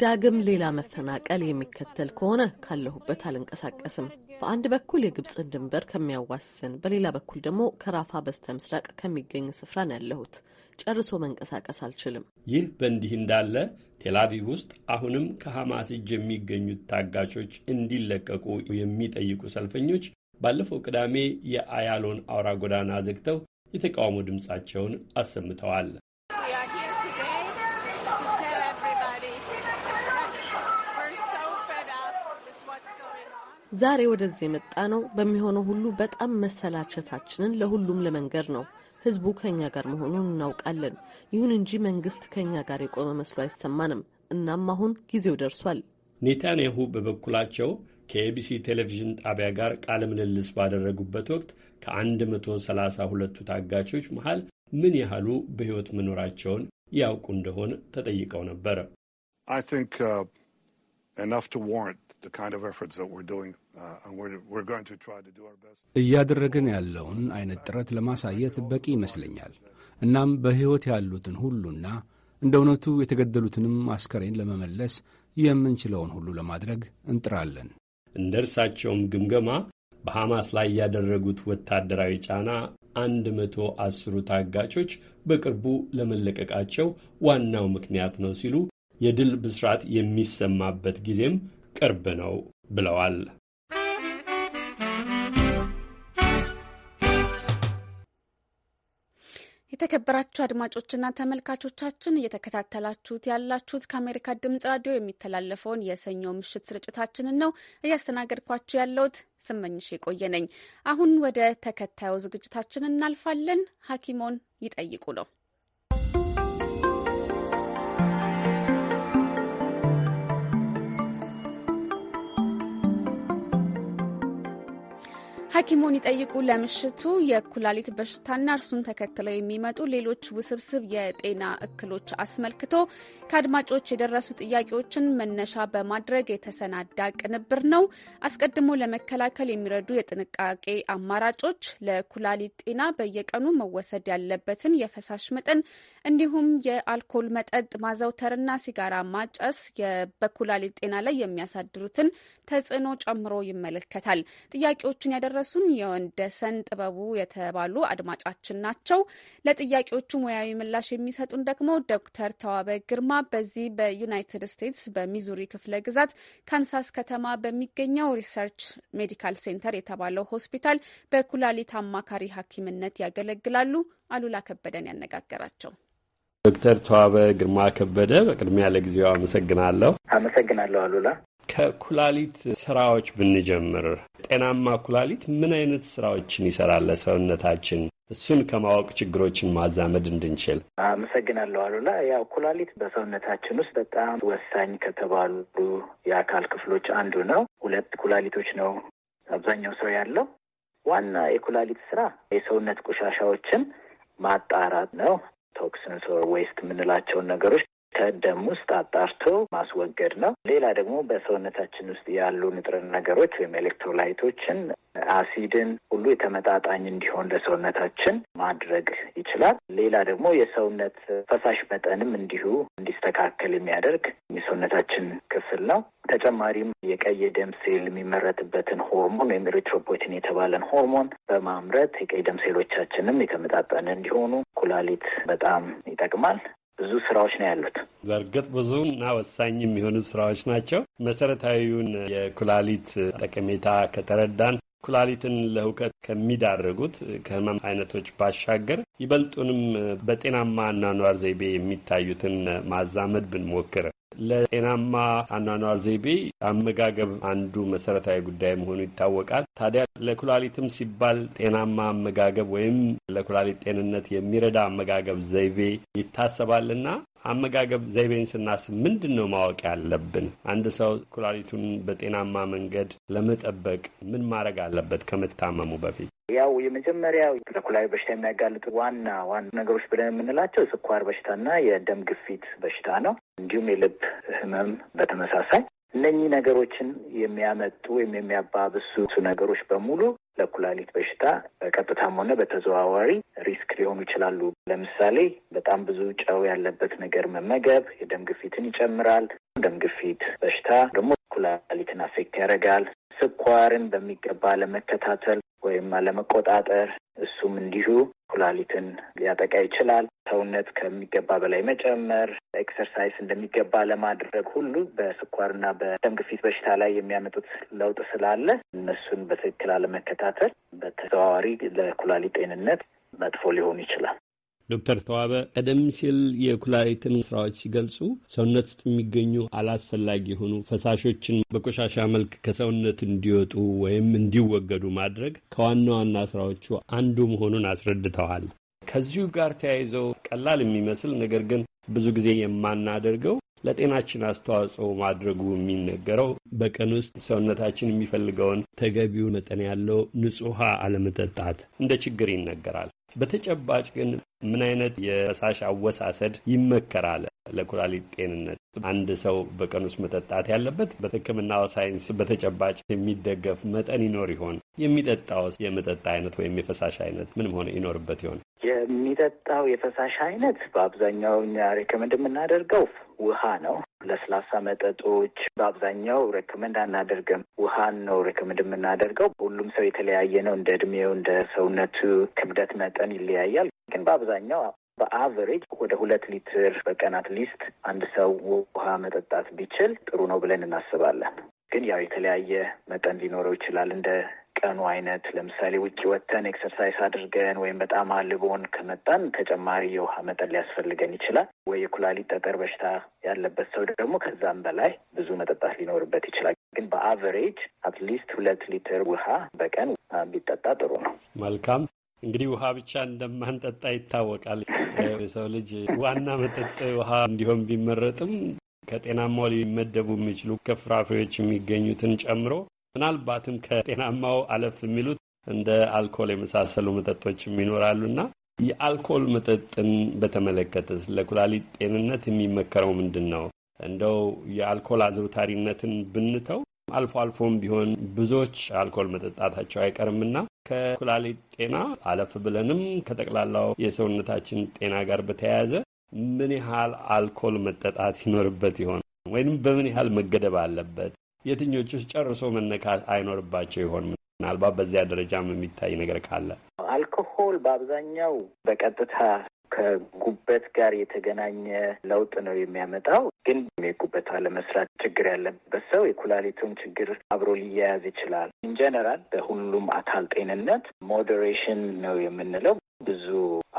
ዳግም ሌላ መፈናቀል የሚከተል ከሆነ ካለሁበት አልንቀሳቀስም። በአንድ በኩል የግብፅን ድንበር ከሚያዋስን፣ በሌላ በኩል ደግሞ ከራፋ በስተ ምስራቅ ከሚገኝ ስፍራ ነው ያለሁት። ጨርሶ መንቀሳቀስ አልችልም። ይህ በእንዲህ እንዳለ ቴላቪቭ ውስጥ አሁንም ከሐማስ እጅ የሚገኙት ታጋቾች እንዲለቀቁ የሚጠይቁ ሰልፈኞች ባለፈው ቅዳሜ የአያሎን አውራ ጎዳና ዘግተው የተቃውሞ ድምፃቸውን አሰምተዋል። ዛሬ ወደዚህ የመጣ ነው በሚሆነው ሁሉ በጣም መሰላቸታችንን ለሁሉም ለመንገር ነው። ህዝቡ ከእኛ ጋር መሆኑን እናውቃለን። ይሁን እንጂ መንግስት ከእኛ ጋር የቆመ መስሎ አይሰማንም። እናም አሁን ጊዜው ደርሷል። ኔታንያሁ በበኩላቸው ከኤቢሲ ቴሌቪዥን ጣቢያ ጋር ቃለ ምልልስ ባደረጉበት ወቅት ከ132ቱ ታጋቾች መሃል ምን ያህሉ በሕይወት መኖራቸውን ያውቁ እንደሆን ተጠይቀው ነበር። Uh, እያደረግን ያለውን አይነት ጥረት ለማሳየት በቂ ይመስለኛል። እናም በሕይወት ያሉትን ሁሉና እንደ እውነቱ የተገደሉትንም አስከሬን ለመመለስ የምንችለውን ሁሉ ለማድረግ እንጥራለን። እንደ እርሳቸውም ግምገማ በሐማስ ላይ ያደረጉት ወታደራዊ ጫና አንድ መቶ አስሩ ታጋቾች በቅርቡ ለመለቀቃቸው ዋናው ምክንያት ነው ሲሉ የድል ብስራት የሚሰማበት ጊዜም ቅርብ ነው ብለዋል። የተከበራችሁ አድማጮችና ተመልካቾቻችን እየተከታተላችሁት ያላችሁት ከአሜሪካ ድምጽ ራዲዮ የሚተላለፈውን የሰኞ ምሽት ስርጭታችንን ነው። እያስተናገድኳችሁ ያለሁት ስመኝሽ የቆየ ነኝ። አሁን ወደ ተከታዩ ዝግጅታችን እናልፋለን። ሐኪሞን ይጠይቁ ነው። ሐኪሙን ይጠይቁ ለምሽቱ የኩላሊት በሽታና እርሱን ተከትለው የሚመጡ ሌሎች ውስብስብ የጤና እክሎች አስመልክቶ ከአድማጮች የደረሱ ጥያቄዎችን መነሻ በማድረግ የተሰናዳ ቅንብር ነው። አስቀድሞ ለመከላከል የሚረዱ የጥንቃቄ አማራጮች፣ ለኩላሊት ጤና በየቀኑ መወሰድ ያለበትን የፈሳሽ መጠን እንዲሁም የአልኮል መጠጥ ማዘውተርና ሲጋራ ማጨስ በኩላሊት ጤና ላይ የሚያሳድሩትን ተጽዕኖ ጨምሮ ይመለከታል። ጥያቄዎቹን ያደረሱ ያደረሱን የወንደሰን ጥበቡ የተባሉ አድማጫችን ናቸው። ለጥያቄዎቹ ሙያዊ ምላሽ የሚሰጡን ደግሞ ዶክተር ተዋበ ግርማ በዚህ በዩናይትድ ስቴትስ በሚዙሪ ክፍለ ግዛት ካንሳስ ከተማ በሚገኘው ሪሰርች ሜዲካል ሴንተር የተባለው ሆስፒታል በኩላሊት አማካሪ ሐኪምነት ያገለግላሉ። አሉላ ከበደን ያነጋገራቸው ዶክተር ተዋበ ግርማ ከበደ፣ በቅድሚያ ለጊዜው አመሰግናለሁ። አመሰግናለሁ አሉላ። ከኩላሊት ስራዎች ብንጀምር ጤናማ ኩላሊት ምን አይነት ስራዎችን ይሰራል ሰውነታችን እሱን ከማወቅ ችግሮችን ማዛመድ እንድንችል። አመሰግናለሁ አሉላ። ያው ኩላሊት በሰውነታችን ውስጥ በጣም ወሳኝ ከተባሉ የአካል ክፍሎች አንዱ ነው። ሁለት ኩላሊቶች ነው አብዛኛው ሰው ያለው። ዋና የኩላሊት ስራ የሰውነት ቆሻሻዎችን ማጣራት ነው። ቶክስንስ ወይስት የምንላቸውን ነገሮች ከደም ውስጥ አጣርቶ ማስወገድ ነው። ሌላ ደግሞ በሰውነታችን ውስጥ ያሉ ንጥረ ነገሮች ወይም ኤሌክትሮላይቶችን፣ አሲድን ሁሉ የተመጣጣኝ እንዲሆን ለሰውነታችን ማድረግ ይችላል። ሌላ ደግሞ የሰውነት ፈሳሽ መጠንም እንዲሁ እንዲስተካከል የሚያደርግ የሰውነታችን ክፍል ነው። ተጨማሪም የቀይ ደም ሴል የሚመረትበትን ሆርሞን ወይም ኤሪትሮፖይቲን የተባለን ሆርሞን በማምረት የቀይ ደም ሴሎቻችንም የተመጣጠነ እንዲሆኑ ኩላሊት በጣም ይጠቅማል። ብዙ ስራዎች ነው ያሉት። በእርግጥ ብዙ እና ወሳኝ የሚሆኑ ስራዎች ናቸው። መሰረታዊውን የኩላሊት ጠቀሜታ ከተረዳን ኩላሊትን ለህውከት ከሚዳረጉት ከህመም አይነቶች ባሻገር ይበልጡንም በጤናማ አኗኗር ዘይቤ የሚታዩትን ማዛመድ ብንሞክር ለጤናማ አኗኗር ዘይቤ አመጋገብ አንዱ መሰረታዊ ጉዳይ መሆኑ ይታወቃል። ታዲያ ለኩላሊትም ሲባል ጤናማ አመጋገብ ወይም ለኩላሊት ጤንነት የሚረዳ አመጋገብ ዘይቤ ይታሰባልና አመጋገብ ዘይቤን ስናስ ምንድን ነው ማወቅ ያለብን? አንድ ሰው ኩላሊቱን በጤናማ መንገድ ለመጠበቅ ምን ማድረግ አለበት ከመታመሙ በፊት? ያው የመጀመሪያው ለኩላዊ በሽታ የሚያጋልጡ ዋና ዋና ነገሮች ብለን የምንላቸው የስኳር በሽታና የደም ግፊት በሽታ ነው። እንዲሁም የልብ ህመም በተመሳሳይ እነኚህ ነገሮችን የሚያመጡ ወይም የሚያባብሱ ነገሮች በሙሉ ለኩላሊት በሽታ በቀጥታም ሆነ በተዘዋዋሪ ሪስክ ሊሆኑ ይችላሉ። ለምሳሌ በጣም ብዙ ጨው ያለበት ነገር መመገብ የደም ግፊትን ይጨምራል። ደም ግፊት በሽታ ደግሞ ኩላሊትን አፌክት ያደርጋል። ስኳርን በሚገባ ለመከታተል ወይም አለመቆጣጠር፣ እሱም እንዲሁ ኩላሊትን ሊያጠቃ ይችላል። ሰውነት ከሚገባ በላይ መጨመር፣ ኤክሰርሳይዝ እንደሚገባ ለማድረግ ሁሉ በስኳርና በደም ግፊት በሽታ ላይ የሚያመጡት ለውጥ ስላለ እነሱን በትክክል አለመከታተል በተዘዋዋሪ ለኩላሊት ጤንነት መጥፎ ሊሆን ይችላል። ዶክተር ተዋበ ቀደም ሲል የኩላሊትን ስራዎች ሲገልጹ ሰውነት ውስጥ የሚገኙ አላስፈላጊ የሆኑ ፈሳሾችን በቆሻሻ መልክ ከሰውነት እንዲወጡ ወይም እንዲወገዱ ማድረግ ከዋና ዋና ስራዎቹ አንዱ መሆኑን አስረድተዋል። ከዚሁ ጋር ተያይዘው ቀላል የሚመስል ነገር ግን ብዙ ጊዜ የማናደርገው ለጤናችን አስተዋጽኦ ማድረጉ የሚነገረው በቀን ውስጥ ሰውነታችን የሚፈልገውን ተገቢው መጠን ያለው ንጹህ ውሃ አለመጠጣት እንደ ችግር ይነገራል። በተጨባጭ ግን ምን አይነት የፈሳሽ አወሳሰድ ይመከራል ለኩላሊት ጤንነት? አንድ ሰው በቀን ውስጥ መጠጣት ያለበት በሕክምናው ሳይንስ በተጨባጭ የሚደገፍ መጠን ይኖር ይሆን? የሚጠጣው የመጠጥ አይነት ወይም የፈሳሽ አይነት ምን ሆነ ይኖርበት ይሆን? የሚጠጣው የፈሳሽ አይነት በአብዛኛው ሪከመንድ የምናደርገው ውሃ ነው። ለስላሳ መጠጦች በአብዛኛው ሬኮመንድ አናደርግም። ውሃን ነው ሬኮመንድ የምናደርገው። ሁሉም ሰው የተለያየ ነው። እንደ እድሜው፣ እንደ ሰውነቱ ክብደት መጠን ይለያያል። ግን በአብዛኛው በአቨሬጅ ወደ ሁለት ሊትር በቀን አትሊስት አንድ ሰው ውሃ መጠጣት ቢችል ጥሩ ነው ብለን እናስባለን። ግን ያው የተለያየ መጠን ሊኖረው ይችላል እንደ ቀኑ አይነት ለምሳሌ ውጭ ወጥተን ኤክሰርሳይዝ አድርገን ወይም በጣም አልቦን ከመጣን ተጨማሪ የውሃ መጠን ሊያስፈልገን ይችላል። ወይ የኩላሊት ጠጠር በሽታ ያለበት ሰው ደግሞ ከዛም በላይ ብዙ መጠጣት ሊኖርበት ይችላል። ግን በአቨሬጅ አትሊስት ሁለት ሊትር ውሃ በቀን ቢጠጣ ጥሩ ነው። መልካም እንግዲህ ውሃ ብቻ እንደማንጠጣ ይታወቃል። የሰው ልጅ ዋና መጠጥ ውሃ እንዲሆን ቢመረጥም ከጤናማው ሊመደቡ የሚችሉ ከፍራፍሬዎች የሚገኙትን ጨምሮ ምናልባትም ከጤናማው አለፍ የሚሉት እንደ አልኮል የመሳሰሉ መጠጦችም ይኖራሉና የአልኮል መጠጥን በተመለከተስ ለኩላሊት ጤንነት የሚመከረው ምንድን ነው? እንደው የአልኮል አዘውታሪነትን ብንተው አልፎ አልፎም ቢሆን ብዙዎች አልኮል መጠጣታቸው አይቀርምና ከኩላሊት ጤና አለፍ ብለንም ከጠቅላላው የሰውነታችን ጤና ጋር በተያያዘ ምን ያህል አልኮል መጠጣት ይኖርበት ይሆን ወይም በምን ያህል መገደብ አለበት? የትኞቹ ጨርሶ መነካት አይኖርባቸው ይሆን? ምናልባት በዚያ ደረጃም የሚታይ ነገር ካለ አልኮሆል በአብዛኛው በቀጥታ ከጉበት ጋር የተገናኘ ለውጥ ነው የሚያመጣው። ግን የጉበት ለመስራት ችግር ያለበት ሰው የኩላሊቱን ችግር አብሮ ሊያያዝ ይችላል። ኢንጀነራል በሁሉም አካል ጤንነት ሞዴሬሽን ነው የምንለው ብዙ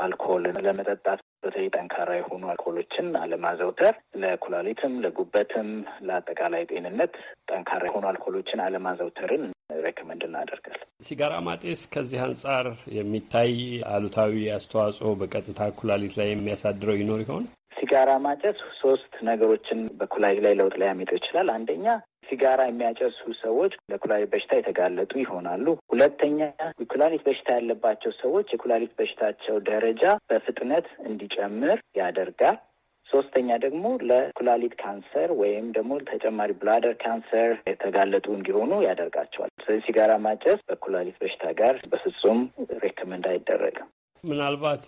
አልኮልን ለመጠጣት በተለይ ጠንካራ የሆኑ አልኮሎችን አለማዘውተር ለኩላሊትም፣ ለጉበትም፣ ለአጠቃላይ ጤንነት ጠንካራ የሆኑ አልኮሎችን አለማዘውተርን ሬኮመንድ እናደርጋለን። ሲጋራ ማጤስ ከዚህ አንጻር የሚታይ አሉታዊ አስተዋጽኦ በቀጥታ ኩላሊት ላይ የሚያሳድረው ይኖር ይሆን? ሲጋራ ማጨስ ሶስት ነገሮችን በኩላሊት ላይ ለውጥ ሊያመጣ ይችላል። አንደኛ ሲጋራ የሚያጨሱ ሰዎች ለኩላሊት በሽታ የተጋለጡ ይሆናሉ። ሁለተኛ የኩላሊት በሽታ ያለባቸው ሰዎች የኩላሊት በሽታቸው ደረጃ በፍጥነት እንዲጨምር ያደርጋል። ሶስተኛ ደግሞ ለኩላሊት ካንሰር ወይም ደግሞ ተጨማሪ ብላደር ካንሰር የተጋለጡ እንዲሆኑ ያደርጋቸዋል። ስለዚህ ሲጋራ ማጨስ በኩላሊት በሽታ ጋር በፍጹም ሬኮመንድ አይደረግም። ምናልባት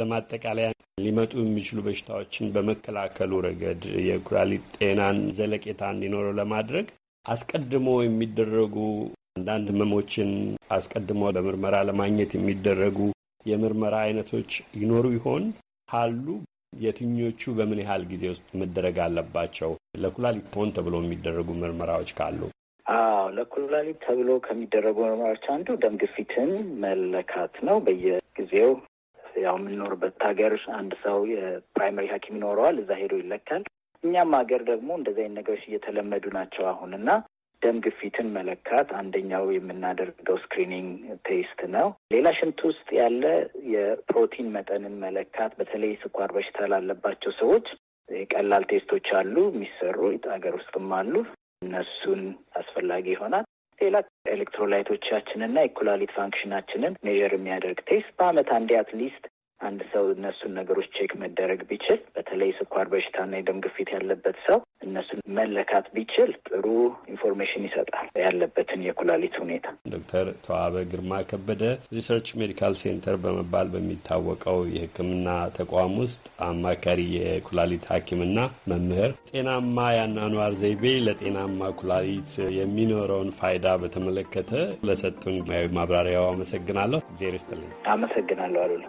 ለማጠቃለያ ሊመጡ የሚችሉ በሽታዎችን በመከላከሉ ረገድ የኩላሊት ጤናን ዘለቄታ እንዲኖረው ለማድረግ አስቀድሞ የሚደረጉ አንዳንድ ህመሞችን አስቀድሞ በምርመራ ለማግኘት የሚደረጉ የምርመራ አይነቶች ይኖሩ ይሆን? ካሉ የትኞቹ በምን ያህል ጊዜ ውስጥ መደረግ አለባቸው? ለኩላሊት ሆን ተብሎ የሚደረጉ ምርመራዎች ካሉ። አዎ ለኩላሊት ተብሎ ከሚደረጉ ምርመራዎች አንዱ ደም ግፊትን መለካት ነው። በየጊዜው ያው የምንኖርበት ሀገር አንድ ሰው የፕራይመሪ ሐኪም ይኖረዋል። እዛ ሄዶ ይለካል። እኛም ሀገር ደግሞ እንደዚህ አይነት ነገሮች እየተለመዱ ናቸው አሁን እና ደም ግፊትን መለካት አንደኛው የምናደርገው ስክሪኒንግ ቴስት ነው። ሌላ ሽንት ውስጥ ያለ የፕሮቲን መጠንን መለካት በተለይ ስኳር በሽታ ላለባቸው ሰዎች ቀላል ቴስቶች አሉ የሚሰሩ ሀገር ውስጥም አሉ። እነሱን አስፈላጊ ይሆናል። ሌላ ኤሌክትሮላይቶቻችንና የኩላሊት ፋንክሽናችንን ሜዥር የሚያደርግ ቴስት በአመት አንዴ አትሊስት አንድ ሰው እነሱን ነገሮች ቼክ መደረግ ቢችል በተለይ ስኳር በሽታና የደም ግፊት ያለበት ሰው እነሱን መለካት ቢችል ጥሩ ኢንፎርሜሽን ይሰጣል ያለበትን የኩላሊት ሁኔታ። ዶክተር ተዋበ ግርማ ከበደ ሪሰርች ሜዲካል ሴንተር በመባል በሚታወቀው የሕክምና ተቋም ውስጥ አማካሪ የኩላሊት ሐኪምና መምህር ጤናማ ያናኗር ዘይቤ ለጤናማ ኩላሊት የሚኖረውን ፋይዳ በተመለከተ ለሰጡን ማብራሪያው አመሰግናለሁ። እግዜር ይስጥልኝ። አመሰግናለሁ ዜር ይስጥልኝ አመሰግናለሁ አሉላ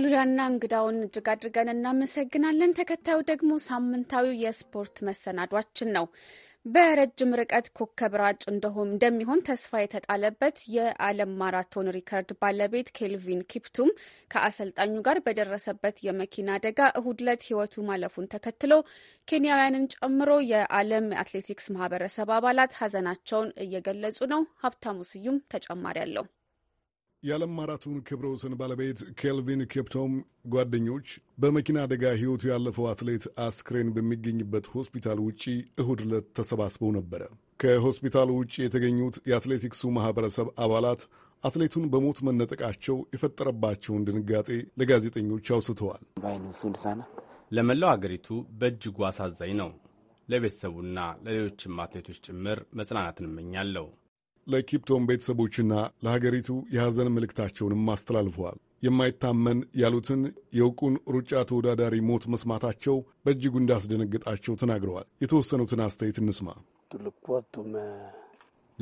አሉላና እንግዳውን እጅግ አድርገን እናመሰግናለን። ተከታዩ ደግሞ ሳምንታዊው የስፖርት መሰናዷችን ነው። በረጅም ርቀት ኮከብ ራጭ እንደሆም እንደሚሆን ተስፋ የተጣለበት የዓለም ማራቶን ሪከርድ ባለቤት ኬልቪን ኪፕቱም ከአሰልጣኙ ጋር በደረሰበት የመኪና አደጋ እሁድ ዕለት ሕይወቱ ማለፉን ተከትሎ ኬንያውያንን ጨምሮ የዓለም አትሌቲክስ ማህበረሰብ አባላት ሀዘናቸውን እየገለጹ ነው። ሀብታሙ ስዩም ተጨማሪ አለው። የዓለም ማራቶን ክብረ ወሰን ባለቤት ኬልቪን ኬፕቶም ጓደኞች በመኪና አደጋ ሕይወቱ ያለፈው አትሌት አስክሬን በሚገኝበት ሆስፒታል ውጪ እሁድ ዕለት ተሰባስበው ነበረ። ከሆስፒታሉ ውጪ የተገኙት የአትሌቲክሱ ማኅበረሰብ አባላት አትሌቱን በሞት መነጠቃቸው የፈጠረባቸውን ድንጋጤ ለጋዜጠኞች አውስተዋል። ለመላው አገሪቱ በእጅጉ አሳዛኝ ነው። ለቤተሰቡና ለሌሎችም አትሌቶች ጭምር መጽናናትን እመኛለሁ። ለኪፕቶን ቤተሰቦችና ለሀገሪቱ የሐዘን መልእክታቸውንም አስተላልፈዋል። የማይታመን ያሉትን የእውቁን ሩጫ ተወዳዳሪ ሞት መስማታቸው በእጅጉ እንዳስደነግጣቸው ተናግረዋል። የተወሰኑትን አስተያየት እንስማ።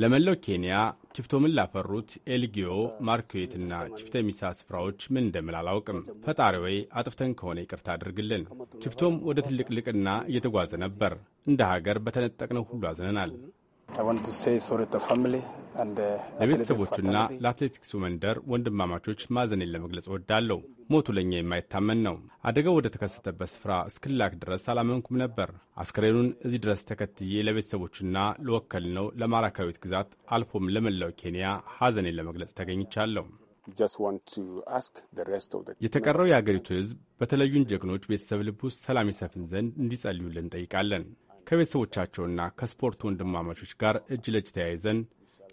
ለመላው ኬንያ ችፍቶምን ላፈሩት ኤልጊዮ ማርኩዌትና ቺፕተሚሳ ስፍራዎች ምን እንደምል አላውቅም። ፈጣሪ ወይ አጥፍተን ከሆነ ይቅርታ አድርግልን። ችፍቶም ወደ ትልቅ ልቅና እየተጓዘ ነበር። እንደ ሀገር በተነጠቅነው ሁሉ አዝነናል። Uh, ለቤተሰቦችና ለአትሌቲክሱ መንደር ወንድማማቾች ማዘኔን ለመግለጽ እወዳለሁ። ሞቱ ለእኛ የማይታመን ነው። አደጋው ወደ ተከሰተበት ስፍራ እስክላክ ድረስ አላመንኩም ነበር። አስክሬኑን እዚህ ድረስ ተከትዬ ለቤተሰቦችና ለወከል ነው ለማራካዊት ግዛት አልፎም ለመላው ኬንያ ሐዘኔን ለመግለጽ ተገኝቻለሁ። የተቀረው የአገሪቱ ሕዝብ በተለዩን ጀግኖች ቤተሰብ ልብ ውስጥ ሰላም ይሰፍን ዘንድ እንዲጸልዩልን እንጠይቃለን። ከቤተሰቦቻቸውና ከስፖርት ወንድማማቾች ጋር እጅ ለእጅ ተያይዘን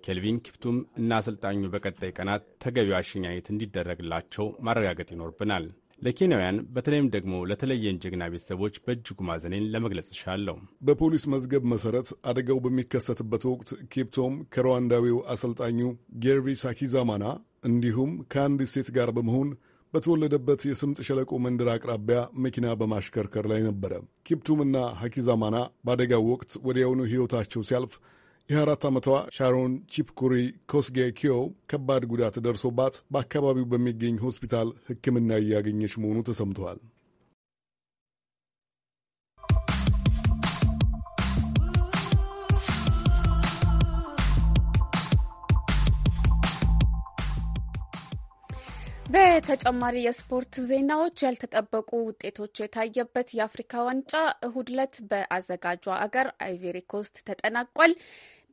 ኬልቪን ኪፕቱም እና አሰልጣኙ በቀጣይ ቀናት ተገቢው አሸኛኘት እንዲደረግላቸው ማረጋገጥ ይኖርብናል። ለኬንያውያን በተለይም ደግሞ ለተለየን ጀግና ቤተሰቦች በእጅጉ ማዘኔን ለመግለጽ እሻለሁ። በፖሊስ መዝገብ መሰረት አደጋው በሚከሰትበት ወቅት ኬፕቶም ከሩዋንዳዊው አሰልጣኙ ጌርቪ ሳኪዛማና እንዲሁም ከአንዲት ሴት ጋር በመሆን በተወለደበት የስምጥ ሸለቆ መንደር አቅራቢያ መኪና በማሽከርከር ላይ ነበረ። ኪፕቱምና ሐኪዛማና በአደጋው ወቅት ወዲያውኑ ሕይወታቸው ሲያልፍ የአራት ዓመቷ ሻሮን ቺፕኩሪ ኮስጌ ኪዮ ከባድ ጉዳት ደርሶባት በአካባቢው በሚገኝ ሆስፒታል ሕክምና እያገኘች መሆኑ ተሰምተዋል። በተጨማሪ የስፖርት ዜናዎች ያልተጠበቁ ውጤቶች የታየበት የአፍሪካ ዋንጫ እሁድ ዕለት በአዘጋጇ አገር አይቬሪ ኮስት ተጠናቋል።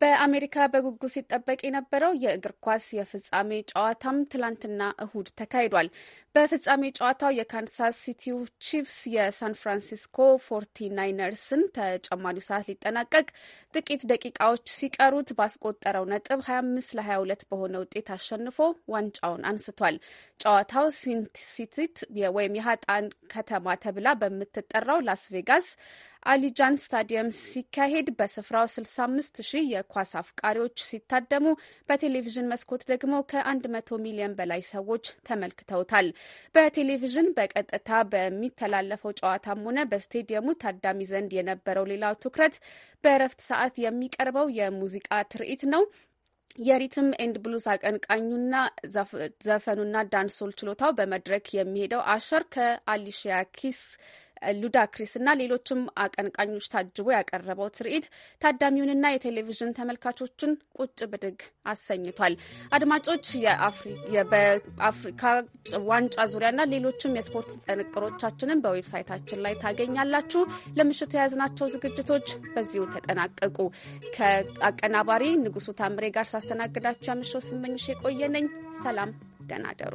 በአሜሪካ በጉጉት ሲጠበቅ የነበረው የእግር ኳስ የፍጻሜ ጨዋታም ትላንትና እሁድ ተካሂዷል። በፍጻሜ ጨዋታው የካንሳስ ሲቲው ቺፍስ የሳን ፍራንሲስኮ ፎርቲ ናይነርስን ተጨማሪው ሰዓት ሊጠናቀቅ ጥቂት ደቂቃዎች ሲቀሩት ባስቆጠረው ነጥብ 25 ለ22 በሆነ ውጤት አሸንፎ ዋንጫውን አንስቷል። ጨዋታው ሲንት ሲቲት ወይም የሀጣን ከተማ ተብላ በምትጠራው ላስ ቬጋስ አሊጃን ስታዲየም ሲካሄድ በስፍራው 65 ሺህ የኳስ አፍቃሪዎች ሲታደሙ በቴሌቪዥን መስኮት ደግሞ ከ100 ሚሊዮን በላይ ሰዎች ተመልክተውታል። በቴሌቪዥን በቀጥታ በሚተላለፈው ጨዋታም ሆነ በስቴዲየሙ ታዳሚ ዘንድ የነበረው ሌላው ትኩረት በእረፍት ሰዓት የሚቀርበው የሙዚቃ ትርኢት ነው። የሪትም ኤንድ ብሉስ አቀንቃኙና ዘፈኑና ዳንሶል ችሎታው በመድረክ የሚሄደው አሸር ከአሊሺያ ኪስ ክሪስ እና ሌሎችም አቀንቃኞች ታጅቦ ያቀረበው ትርኢት ታዳሚውንና የቴሌቪዥን ተመልካቾችን ቁጭ ብድግ አሰኝቷል። አድማጮች በአፍሪካ ዋንጫ ዙሪያና ሌሎችም የስፖርት ጥንቅሮቻችንን በዌብሳይታችን ላይ ታገኛላችሁ። ለምሽቱ የያዝናቸው ዝግጅቶች በዚሁ ተጠናቀቁ። ከአቀናባሪ ንጉሱ ታምሬ ጋር ሳስተናግዳችሁ ያምሽው ስመኝሽ የቆየ ነኝ። ሰላም ደናደሩ